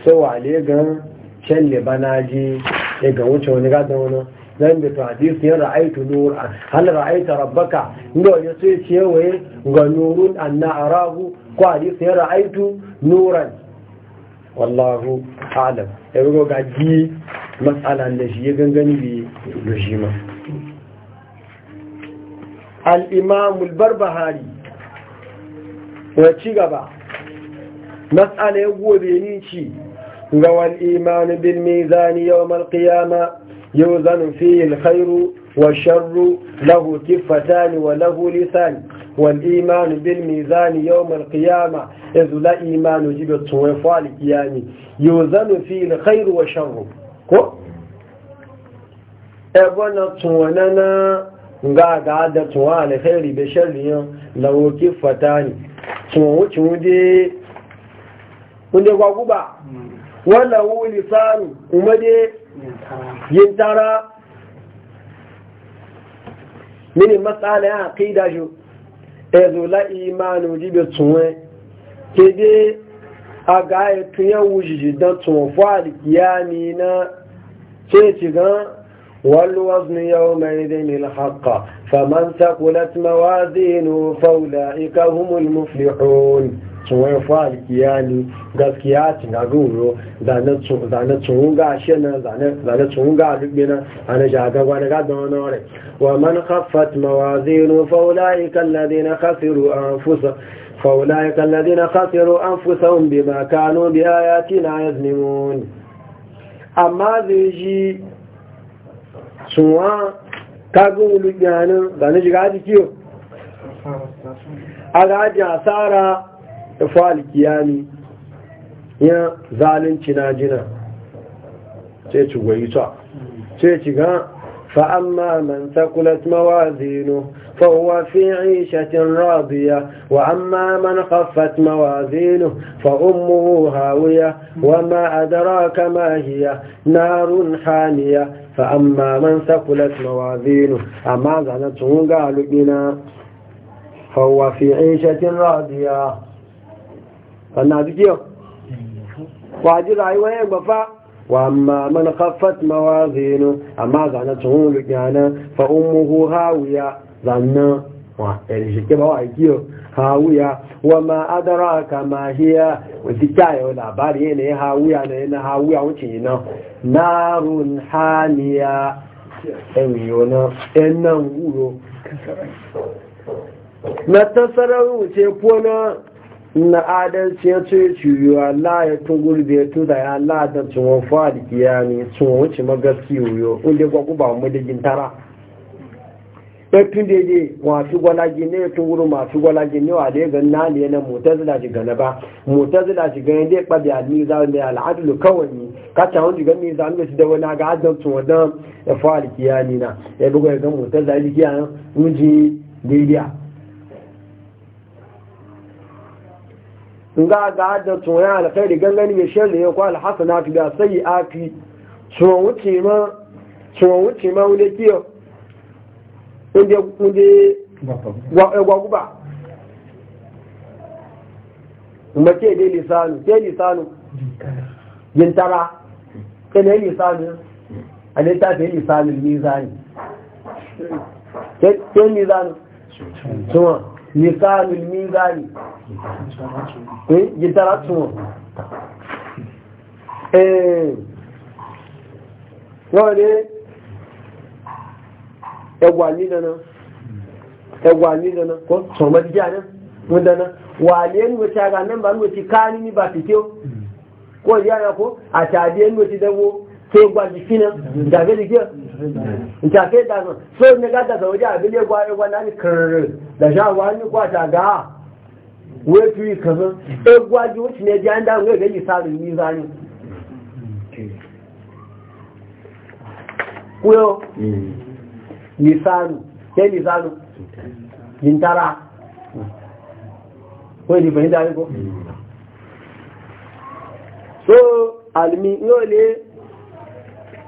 sai wa ale gan kyalle bana ji ya ga wuce wani gadon wani zan da to hadisi ya ra'aitu nur hal ra'aita rabbaka inda wani sai ce waye ga nurun a arahu ko hadisi yin ra'aitu nuran wallahu alam ya rugo ga ji matsala da shi ya gangani bi da shi ma al-imam al-barbahari wa ci gaba matsala ya gobe ni ci روى الإيمان بالميزان يوم القيامة يوزن فيه الخير والشر له كفتان وله لسان والإيمان بالميزان يوم القيامة إذ لا إيمان جب الطوفة القيام يوزن فيه الخير والشر كو أبونا قاعد عادة طوال خير بشر له كفتان طوال وچون دي ونقاقوا wala wuli lisanu kuma dai yin tara mini matsala ya aqida jo e eh, zo la imanu jibe tunwe ke dai a ga ya tunya wujiji dan tunwa fali kiyami na ce ci gan والوزن يومئذ الحق فمن ثقلت موازينه فأولئك هم المفلحون tsohon fa'ar kiyani gaskiya cin agoro zane tsohon ga ashe nan zane tsohon ga alubbe na a na shagagwa na gada wani wani wa man khaffat mawazinu faula'i kallade na khasiru an fusa faula'i kallade na khasiru an fusa un bi makano bi ayati na yaznimun amma zai ji tsohon kagun ulubbe nan zane shiga jiki a ga asara ifali kiyami ya zalunci na jina ce ci gwai ta ce ci ga amma man sakulat mawazinu fahuwa fi aishatin rabiya wa amma man haffat mawazinu fa’ummu hawiya wa ma ma’adara kamahiya narun haniya amma man sakulat mawazinu amma zanen tun ga alubina fahuwa fi aishatin rabiya sannan su dukiya ji rayuwa yin gbafa wa mana kafat mawa zinu amma zane tun lukiyana fa'un muhu hawuya zanna wa ɗari shi ba wa kiyo hawuya wa ma adara ka ma hiya wasi kayo labari yana yi hawuya na yana hawiya wuce na narun haniya ẹ̀yọ̀nà ẹ̀nà wúro na tasararu ce fona na adalci ya ce ciwo Allah ya tun gurbe ya tuda ya Allah da tsohon fadi ne tun wuce magaski yoyo inda kwa ba mu da gintara ya tun da ya masu gwalaji ne ya tun guru masu gwalaji ne wa da ya gani na ne na motar zila ji gane ba motar zila ji gane da ya ɓabi a ni da ne al'adulu kawai ne ka ta wani gan ne za ne su da wani ga adam wa don ya fadi kiyami na ya bugu ya gan motar zila shi kiyayen wuji daidai nga ga da tsoya alkhairi gangani ya shirya ya kwa alhassanatu da sai afi tsohon wuce ma wule kiyo kunde gwaguba eh, kuma ke dai lisanu ke lisanu gintara ke ne lisanu a ne ta fi lisanu mizani ke mizani tsohon misalul mizani eh gitara tuwo eh wale ẹwà ní dana ẹwà dana kọ́ sọ̀rọ̀ jíjá náà mú dana wà lè ní wọ́n ara náà bá ní wọ́n ti ká ní ní bàtí tí ó kọ́ ìyára kó àtàdé ntafe da zo so ne ga da saudi abile gwaye gwana ni kar da sha wani kwata ga wetu yi kaza e gwaji wuce ne ji da ga yi saru ni zani kuyo ni saru ke ni saru jintara ko ni fahimta ko so almi ne.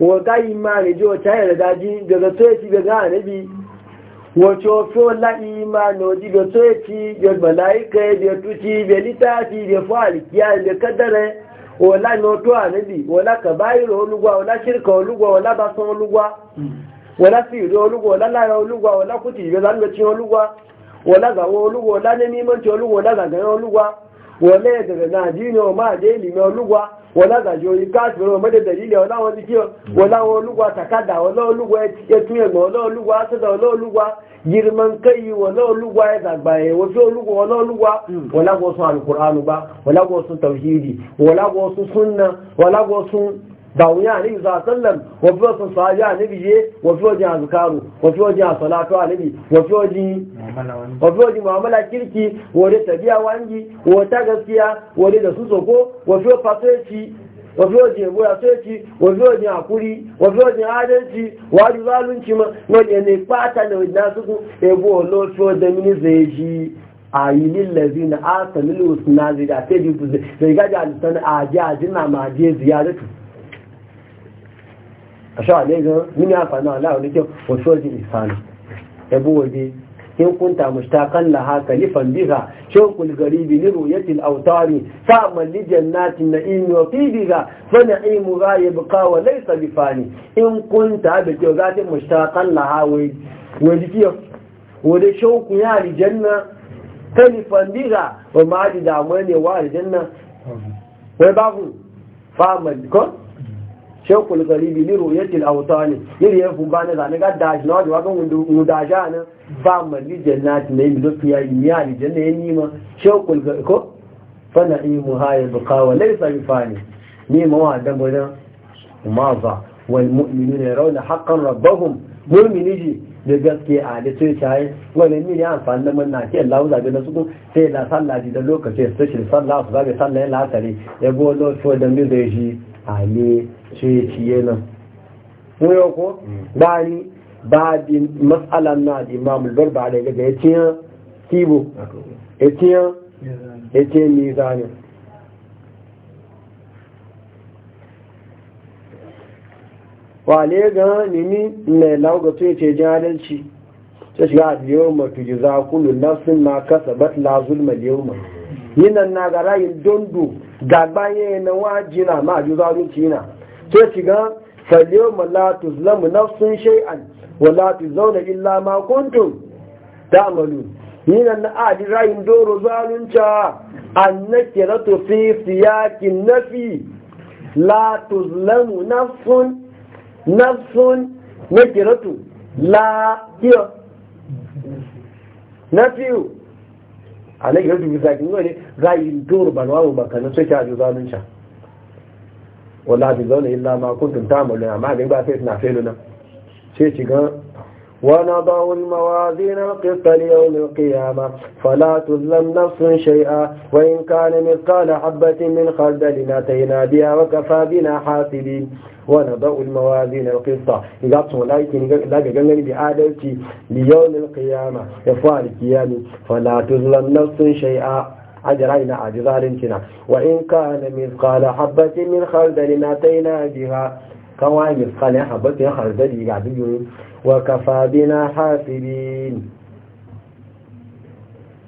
wọ̀gá ìmáàrì jẹ́ ọ̀tá ìrẹ̀dájí a tó èkí gẹ̀gẹ̀ àníbi wọ̀tí ọ̀fẹ́ ọlá ìmáàrì òjìgẹ̀ tó èkí gẹ̀gbẹ̀lá ikẹ̀ ẹ̀dẹ̀ tútí ibẹ̀ lítàtí ibẹ̀ fún àríkíá ibẹ̀ kẹ́dẹ̀rẹ̀ ọlá ní ọdún àníbi ọlá kàbáyìrò olúgbà ọlá ṣírkà olúgbà ọlá basan olúgbà ọlá sí ìrẹ́ olúgbà ọlá lára olúgbà ọlá kùtì ìrẹ́ lánàá tí olúgbà ọlá gàwọ́ olúgbà ọlá ní mímọ́ tí olúgbà ọlá gàgàrẹ́ olúgbà wọlé ẹ̀dẹ̀rẹ̀ náà jíni ọmọ àdé ìlìmẹ̀ olúwa wọlágàjò ikáàtìrò ọmọdé dẹ̀lílẹ̀ ọláwọn oníkí wọláwọn olúwa takada ọlọ́ọ̀lúwa ba wọláwọ̀sùn tawhidi wọláwọ̀sùn ba wuya ne za sallam wafi wasu sahabi a nabi ye wafi wajen azukaru wafi wajen asalatu a nabi wafi wajen mu'amala kirki wade tabiya wangi wata gaskiya wade da su soko wafi wasu fasoci wafi wajen yabo ya soci wafi wajen hakuri wafi wajen adalci wani zalunci ma wani ne fata da wajen nasu su ebo olofi wajen minista ya ji ayinin yi a samilu suna zira sai da zai gaji a zai a ji a jina ma je ziyaratu ashe a ne gan mini amfani ala wani kyau wasu wajen isfani yabo waje in kunta mushtakan laha kalifan biha shawkul garibi li ru'yati al ni. fa'amal li jannati an-na'im wa qibiha fa na'imu ga yabqa wa laysa bifani in kunta bi jogati mushtakan laha wai waje kiyo waje shawku ya aljanna kalifan biha wa ma ji ne wa aljanna wai babu fa'amal ko shekul garibi ni ruyatil autani ni ya fuba ne zane ga daji na wajewa kan mudaja ne ba malli jannati ne mi lotu ya yi ya ni janna ya nima shekul garibi ko fana imu hayar bukawa laisa bi fani ni ma wa dan ma maza wal mu'minuna yarawna haqqan rabbahum mu'mini ji da gaske a da sai tayi Wani ni ya amfani da manna ke Allah zabe na suku sai da sallah da lokaci sai shi sallah su zabe sallah ya lasare ya go lo to da mi zai ji ale sai ya ciye nan ko ba ni ba di matsalan na di mamul ba da gaga ya yan kibo ya yan ya ciye wa ne ga nini ne lauga to ce jahilci ta shiga a liyar matu ji za kulu nafsin ma kasa bat la zulma liyar yinan na ga rayin dondo ga bayan na wajina ma ju zalunci na to shiga falyoma la tuzlamu nafsun shay'an wa la tuzawna illa ma kuntum ta'malun yinan na adi rayin doro zalunta to fi siyakin nafi la tuzlamu nafsun nafsun to la kiyo nafiyu a to fi siyakin nafi rayin doro ba na wawo bakanin sai ta ajo zalunta wala zo zaune illa ma kuntum ta'malun amma din ba sai suna felo nan sai ci ga wa nadaw al mawazin al qist li yawm al qiyamah fala tuzlam nafsun shay'a wa in kana mithqala habatin min khardalin atayna biha wa kafa bina hasibin wa nadaw al mawazin al qist ga to laiki ni ga gangani bi adalci li yawm al qiyamah ya fa al qiyamah fala tuzlam nafsun shay'a أجرينا أجزالنا وإن كان مثقال حبة من خردل أتينا بها كواي مثقال حبة من خردل قاعدين وكفى بنا حافلين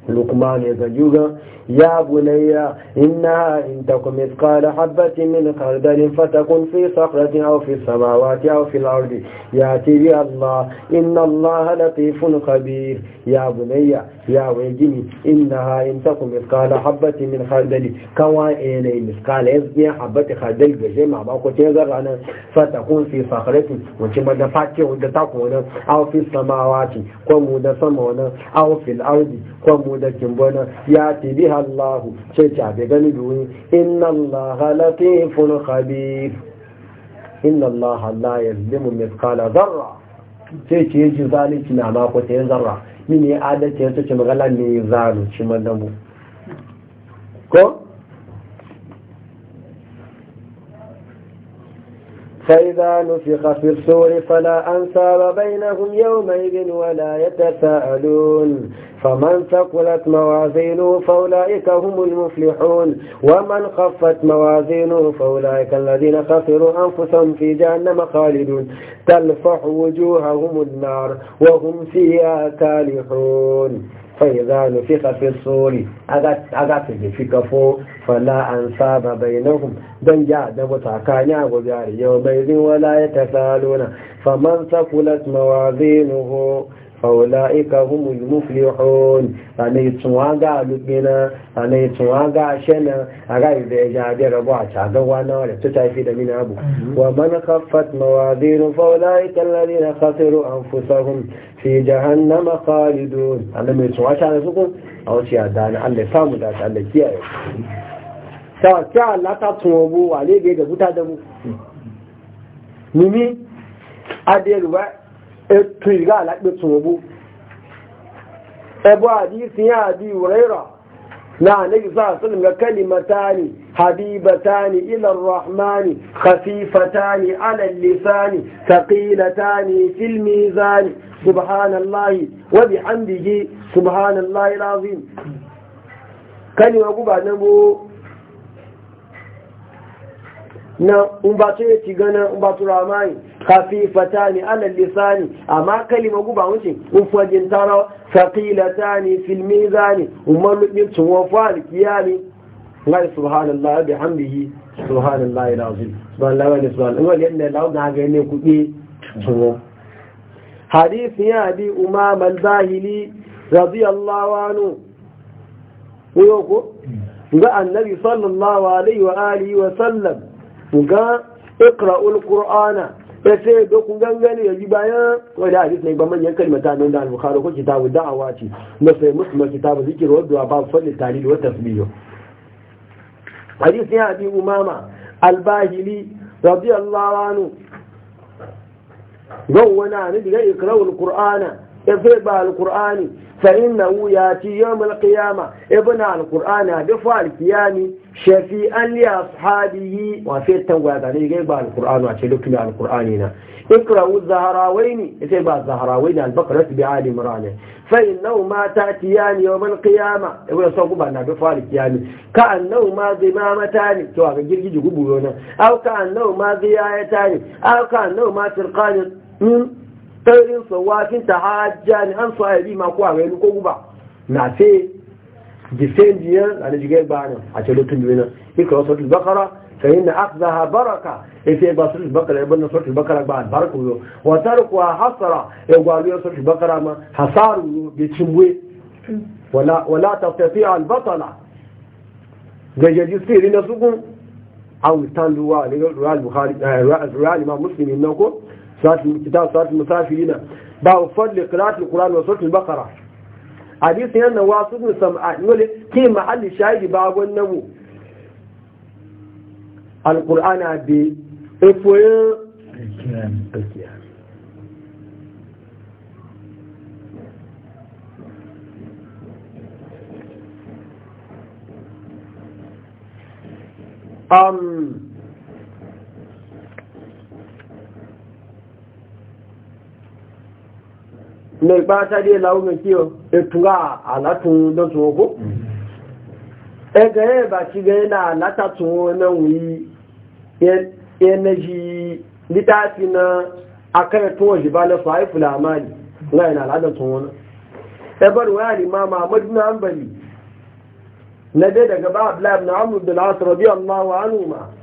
لقمان يزجوغا يا بني إنها إن تك مثقال حبة من خردل فتكن في صخرة أو في السماوات أو في الأرض يأتي بها الله إن الله لطيف خبير يا بني يا ويجني إنها إن تك مثقال حبة من خردل كوائل مثقال يزني حبة خردل بجمع باقو تيزر أنا فتكون في صخرة وكما دفعت ودتاكونا أو في السماوات كم ودسمونا أو في الأرض كم ودكمبونا يأتي بها sha Allah ce ta bi gani duni inna Allah latifun khabir inna Allah la yazlimu mithqala dharra ce ce ji zalunci na ma ko sai zarra mini magana zalunci ko فإذا نفخ في الصور فلا أنساب بينهم يومئذ ولا يتساءلون فمن ثقلت موازينه فأولئك هم المفلحون ومن خفت موازينه فأولئك الذين خسروا أنفسهم في جهنم خالدون تلفح وجوههم النار وهم فيها كالحون fayi za a nufi kafin tsori a ga ta jefi kafo fana an saba bayanahu don ya da buta a guzari yau bai zin wala ya tasa lona famanta kulat mawa zinuhu fa'ula'ika humul muflihun ana yi tsunwa ga alubina ana yi tsunwa ga shena a rayu da ya jabe rabu a cagawa na wadda ta tafi da mina abu wa man kaffat mawazinu fa'ula'ika lalina khasiru an fi jahannama khalidun ana mai tsunwa shana suku da ta mimi ètò ìgá alápẹ̀tùn owó ẹbọ́ àdísí yá àbí ìwòrẹ́rà náà nígbìsá àsìlùm ga kalimatani habibatani ilar rahmani khafifatani alallisani taqilatani fil mizani subhanallahi wa bihamdihi subhanallahi alazim wa guba na bo na umbatu ya gana umbatu ramani khafifatani ala lisani ama kalima guba wuce ufajin tarawa saqilatani fil mizani umalni tuwa fali kiyani ngai subhanallahi bihamdihi subhanallahi ne kudi tuwa hadith ya bi umam al-zahili radiyallahu annabi sallallahu alaihi wa alihi wa sallam ga اقرأوا القرآن sai dokun gangane ya yi bayan wadda hadis ne ba manyan kalmata nan da al-bukhari ko kitabu da'awa ce na sai musulma kitabu zikir wa du'a ba fadli talil wa tasbih hadis ya abi umama al-bahili radiyallahu anhu gowana ne daga ikra'ul qur'ana ya sai ba al-qur'ani فإنه يأتي يوم القيامة ابن القرآن بفع القيام شفيئا لأصحابه وفي التنواد عليه قيبا القرآن على القرآن هنا اقرأوا الزهراوين قيبا الزهراوين البقرة بعالي مرانة ما تأتيان يوم القيامة ابن صوب أنه بفع القيام كأنهما ضمامتان توقع جرجي جقبونا أو كأنه كأنهما ضيايتان أو كأنهما فرقان من ɗaurin tsawafin ta hajja ne an tsaye bi ma kowa gani ko guba na fe jifen biyar a na jigai bayanin a ce lotun biyu nan ikra wasutul bakara ka yi na akzaha baraka ya fi ba su bakara ya banna sautul bakara ba albarka yau wata kuwa hasara ya gwalu ya sautul bakara ma hasaru yau bai cimwe wala tafi albatala gajaji sirri na sukun a wutan ruwa ne ruwa al-bukhari ruwa al-imam muslim ne ko الكتاب صلاة المسافرين باب فضل قراءة القرآن وسورة البقرة حديث أن واسط من سمع يقول كي محل الشاهد باب النمو القرآن أبي إفوين القيام Um... mai bata dai launin kiyo ya e tura alatun e ga ba ga yana alata tuwo na wuyi yanaji e, e litafi na akan ba na fa'i na e na ambali na daga ba da lasu ma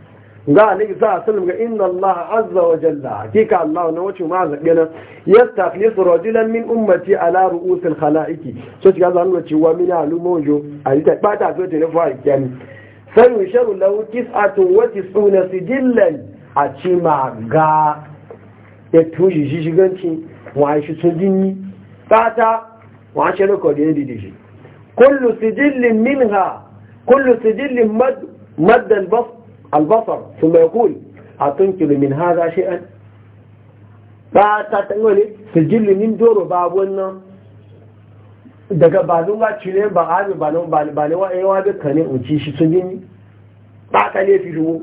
ga alaihi sa sulm ga inda Allah azza wa jalla hakika Allah na wace ma zaɓe nan yastakhlisu rajulan min ummati ala ru'us al khalaiqi so shiga a nuna cewa min alumojo a yi ta ɓata zo ta nufa kiyami sai yusharu tun tis'atun wa tis'una sijillan a ci ma ga ya tushe shi shiganci wa shi sun jini ɓata wa shi rako da yadda shi kullu sijillin ha kullu sijillin mad mad al البصر ثم يقول أتنكر من هذا شيئا فتتنقل سجل من دور بابونا daga ba cire ba abi ba nan ba ne wa yawa duka ne uci shi sun gini. ba ka ne fi shigo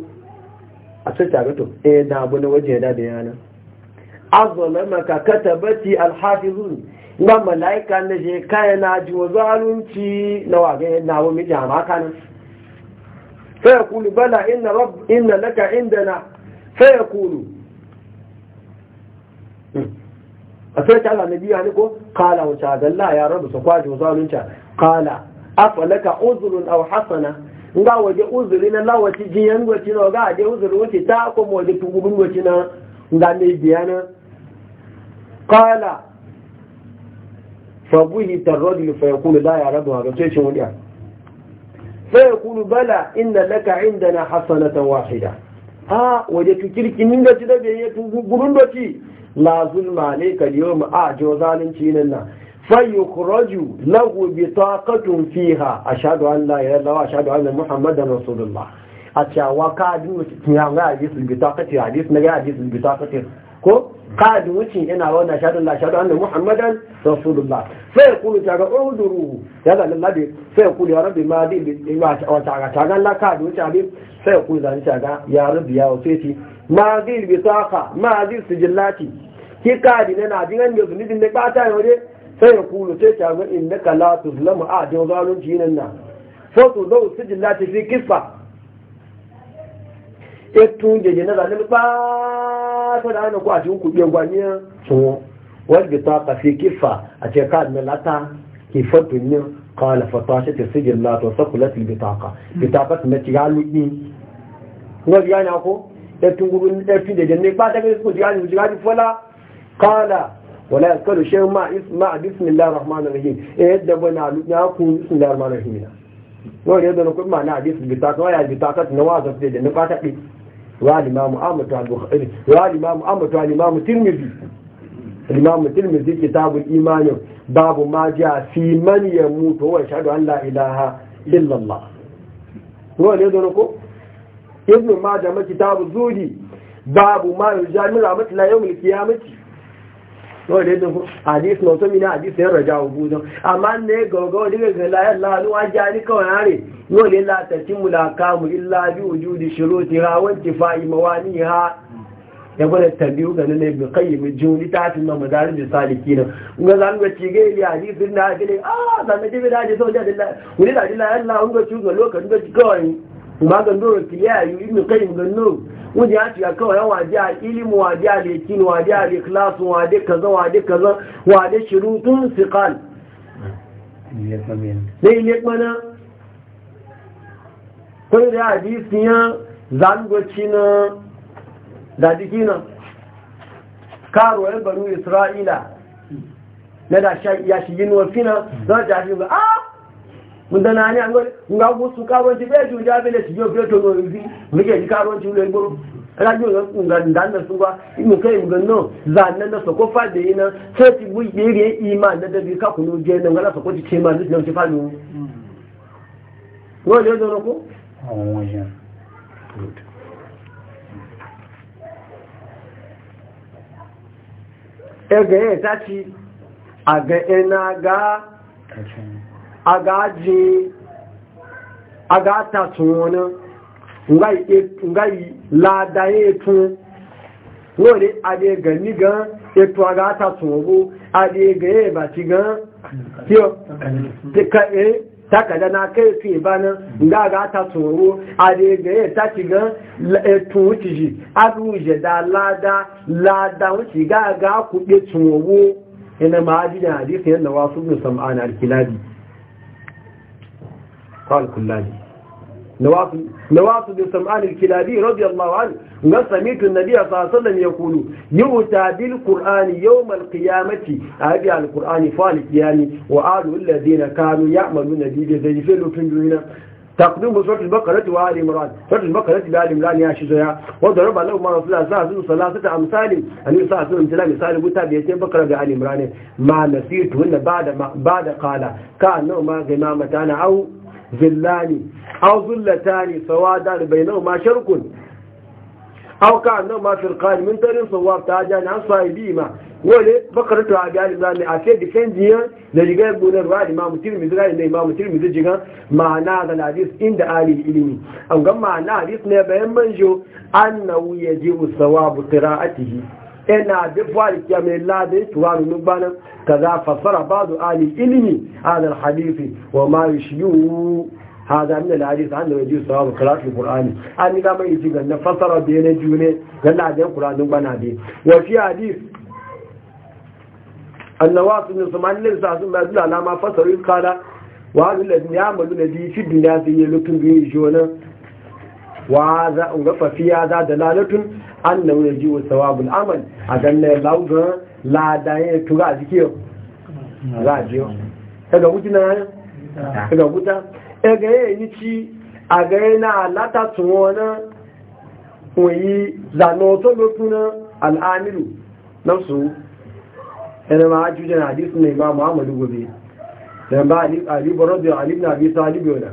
a sun tabi to eh da abu na waje da da yana azalama ka bati alhafizun na malaika na je kai na zalunci na wa na wa ma فيقول بلى إن, رب إن لك عندنا فيقول أسألت على النبي عنكو قال وشهد الله يا رب سقواج وصالنك قال أفلك عذر أو حسنة nga waje uzuri na lawaci jiyan gwaci na ga aje uzuri wuce ta kuma waje tugubin gwaci na nga mai biyana qala fa buhi tarrajul fa yaqulu la ya rabu ha ga sai shi wadiya فيقول بلى إن لك عندنا حسنة واحدة ها وجدت كلك من ذات ذات قلون بتي لا ظلم عليك اليوم أعجو ظالم تيننا فيخرج له بطاقة فيها أشهد أن لا إله إلا الله أشهد أن محمدا رسول الله أتشاوى كادم تنعم حديث البطاقة حديث نجا حديث البطاقة كو قاعد وشي انا وانا شهد الله شهد اشهد ان محمدا رسول الله فيقول تعالى اهدروه هذا الذي فيقول يا ربي ما دي وتعالى تعالى تعالى لا قاعد وشي فيقول ذا ذلك يا ربي يا وسيتي ما دي البطاقه ما دي سجلاتي كي kadi na دي jiran da دي da bata yore sai ya kulu sai ta ga innaka la tuzlamu a jin zalunci nan ètùn jẹjẹ náà ní pàtàkì àwọn ọkọ̀ a òkùnkùn ẹgbà ní ṣùgbọ́n wọ́n ti tọ́ àkàfẹ́ kífà àti ẹ̀ka àdínlátà kì ولا يذكر شيء ما مع بسم الله الرحمن الرحيم ايه دبنا لكم بسم الله الرحمن الرحيم ويريد ان يكون معنى حديث بتاعته ويا بتاعته نواظف ta نقاطع رواه الإمام أحمد عن البخاري رواه الإمام أحمد عن الإمام الترمذي الإمام الترمذي كتاب الإيمان باب ما جاء في من يموت هو يشهد أن لا إله إلا الله هو اللي يدركه ابن ماجه كتاب الزهدي باب ما يجعل من رحمة يوم القيامة wọ́n lè dùn fún àdísì náà tó mi ní àdísì ẹ̀rọ̀jà òbú náà a máa ń lè gọ̀ọ̀gọ́ onígbègbè láyé láàánú yóò lè látẹ̀tí mú làkàmù ilá bí ojú di ti wọ́n ti fa ìmọ̀ wa ní ìhá ẹgbẹ́ tàbí ó lẹ́gbẹ̀ káyè mi jù ní táàfin náà mọ̀dárí mi sáà náà ń wanda ya shiga kawai yan waje a ilimu waje a lekin waje a leklasun waje kaza waje kaza waje shiru tun siqal ne ile mana kai da hadisi ya zangoci na da dikina karo yan banu isra'ila na da ya shigin wafina za ta ba ah munda na anya ngori nga gusu karonti beju jabele tiyo byoto no ri mije karonti ule ngoro ala jo nga ndanda suwa mu kai mu ganno za nan da soko fa de ina sai ti bu yiri iman da da bi ka kunu je nan ala soko ti chema ni nan ti fa lu do ege a ga tasun wani ngai e, lada ya etu wani ade gani gan etu a ga tasun wago ade ga ya baci gan kiyo takada na kai fi bana nga ga e ta tsoro e a da ga ya ta ci gan etu wuce shi aruje da lada lada wuce ga ga kuɗe tsoro ina ma ajiyar hadisi yadda wasu bin sam'ana قال كلاني نواصل نواصل بن سمعان الكلابي رضي الله عنه ما سمعت النبي صلى الله عليه وسلم يقول يؤتى بالقرآن يوم القيامة أبي عن القرآن فالك يعني وآل الذين كانوا يعملون به زي فلو تنجونا تقدم سورة البقرة وآل عمران سورة البقرة بآل عمران يعني يا شيخها وضرب ما رسول الله صلى الله عليه وسلم ثلاثة أمثال أن صلى الله عليه وسلم تلا مثال قلت بيتين بقرة بآل عمران ما نسيتهن بعد ما بعد قال كأنهما غمامتان أو zillani aw zullatani sawadan ma sharqun aw kana ma firqan min tarin sawab tajani an sahibima wale bakaratu a ga alimami a sai difendiya da riga gunar wa imamu tirmidhi ga inda imamu da jiga ma'ana da hadis inda ali ilimi an ga ma'ana hadis ne bayan manjo annahu yajibu sawabu qira'atihi ina bi fari ya mai lade tuwa mu bana kaza fasara ba'du ali ilimi hada hadifi wa ma yushiyu hada min alhadith an waji sawab qira'at alquran an ga mai ji ganna fassara da ne ga lade qur'anin wa fi sun alama wa fi biyu wa za a za da lalatun an na wuri jiwo sawabul amal a ganin lauga lada ya tura a jikiyo za a jiyo daga e wuce na hanyar e daga wuta daga e ni ci a ga yi na lata tuwo na oyi zanoto lokunan al'amiru na su yana ma ajiyar hadisi na imam muhammadu gobe da ba Ali rabbi alibu na bisa alibu yana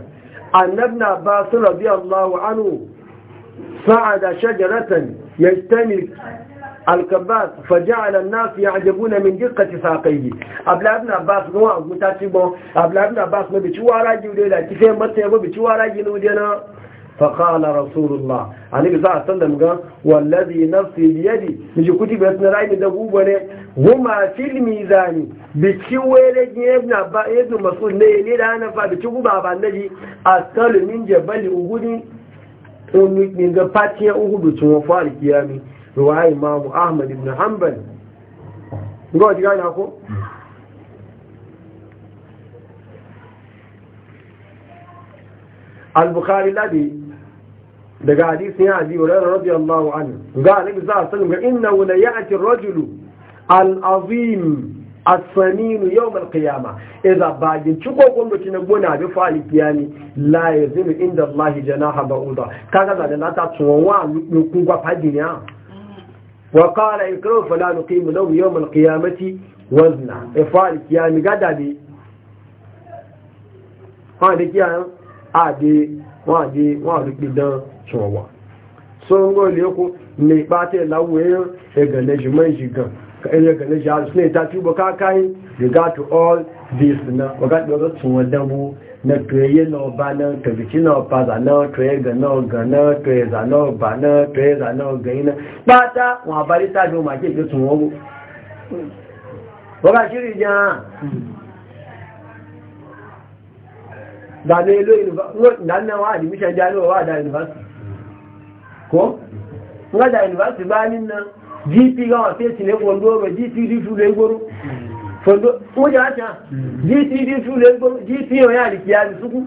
أن ابن عباس رضي الله عنه صعد شجرة يجتمل الكباس فجعل الناس يعجبون من دقة ساقيه أبلا ابن عباس نوع متاتبون أبلا ابن عباس ما بيشوى راجي وليلا كيفين بس يبو بيشوى راجي وليلا فقال رسول الله عليه الصلاه والسلام قال والذي نفسي بيدي مش da اسم راي دغوبه هما في الميزان بكيوله ابن ابا ابن مسعود ne ne da ana fa biki guba ba naji asal min jabal uhud min ga fatiya uhud tun wa fal kiyami riwaya mamu ahmad ibn hanbal daga hadisi ya abi hurairah radiyallahu anhu ga annabi sallallahu alaihi ga inna wala ya'ti ar-rajulu al-azim as-samin yawm al-qiyamah idza ba'in chuko gondo tina gona bi fali kiyani la yazinu inda Allah janaha ba'uda kaga da na ta tuwa lu kun gwa fadinya wa qala fa la nuqimu lahu yawm al-qiyamati wazna e fali kiyani gada bi ha de kiyani a de wa de wa ri dan tsowa sun gole ku mai bata lawoyin egane shi man shi gan ka iya gane shi har suna ta tuba ka kayi riga to all this na waga ɗora tun wadda mu na toye na ba na tabbici na ba za na toye ga na ga na toye za na ba na toye za na ga ina bata wa bari ta jo ma ke ke tun wago waga shiri jan da ne lo university na na wa admission jami'a wa da university ko nga da university banin na, gp ga wasu ya cile fondo ba gpd su da igoro fondo mo ja ta gpd su da igoro gp yau ya alikiyani suku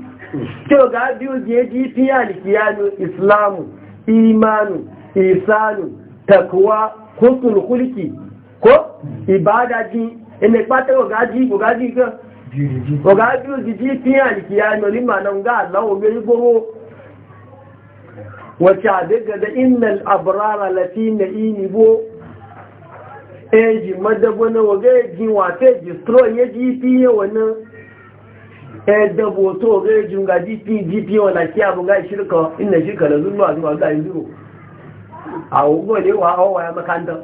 kyau ga biyu je gp ya alikiyani islamu imanu isanu takwa hukun kulki ko ibada ji ina pata ga gaji ga gaji ga ga biyu gp ya alikiyani limana ga Allah o gbe gbogbo wace daga da innal abrara lafi na ini bo eji madabo na waga yaji wata yaji stro ya gp ya wani edabo to waga yaji ga gp gp wala ki abu ga shirka inda shirka da zuru a zuwa ga zuru a wugo ne wa hawa ya makanta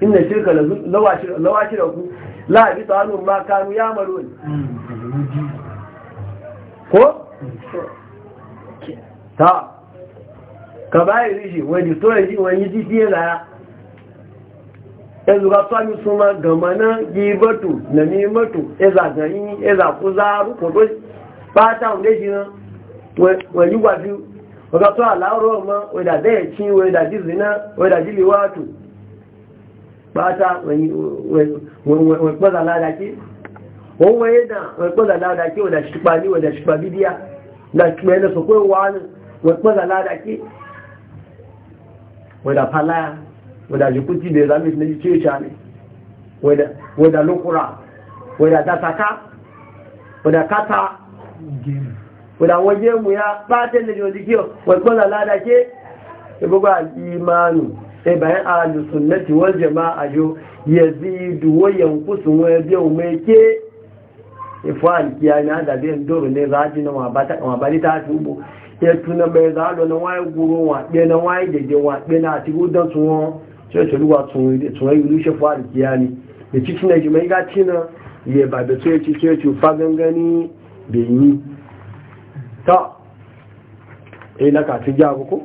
inda shirka da zuru lawa shirka ku la bi tsanu ma kanu ya maro hmm, ko hmm. ta kàbáyìí ṣe wọ́n di tó èyí wọ́n yí títí ẹ̀lá ẹzùgbàtọ́ni súnmọ́ gàmọ́ná yí mọ́tò nàmí mọ́tò ẹzàgàn yí ẹzàkúzá rúkò tó pátá òǹdéjì náà wọ́n yí wà bí àláwọ̀ ọmọ wẹ̀dàdẹ́ ẹ̀kí wẹ̀dàdí zina wẹ̀dàdí liwáàtù pátá wọ́n pọ́dà ládàkí wọ́n wadda falaya wadda jikuti da ya zami na ceca ne wadda lukura wadda dasaka wadda kata wadda waje mu ya batin da jodikiyar wadda lada ke ibuwa imanu sai bayan ahalus sunnati wal jama'a yo yazidu wa yanqusu wa yabiu mai ke ifan kiyana da bin duru ne za zaji na mabata mabali ta tubu ya tuna mai zaɗo na waye goro wa ɗaya na wáyé dèdè wa ɗaya na ati gudan tún wọn tí ruwa tẹ̀lú yi tún ìlú da kiyani da ni na ìjùmọ̀ yíká tí na yẹ da tó ètí tó ètí fa gangan ní bèyí tọ́ èyí na kàtí já àkókò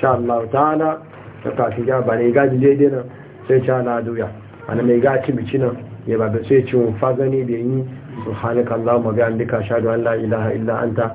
ṣàlá tààlà na kàtí já bà ní ìgá jíjẹ́ daidai na sai ci ana doya ana mai ga ci bici nan ya bàbẹ̀ tó ètí wọn fa gani yi subhanakallahumma bihamdika ashhadu an la ilaha illa anta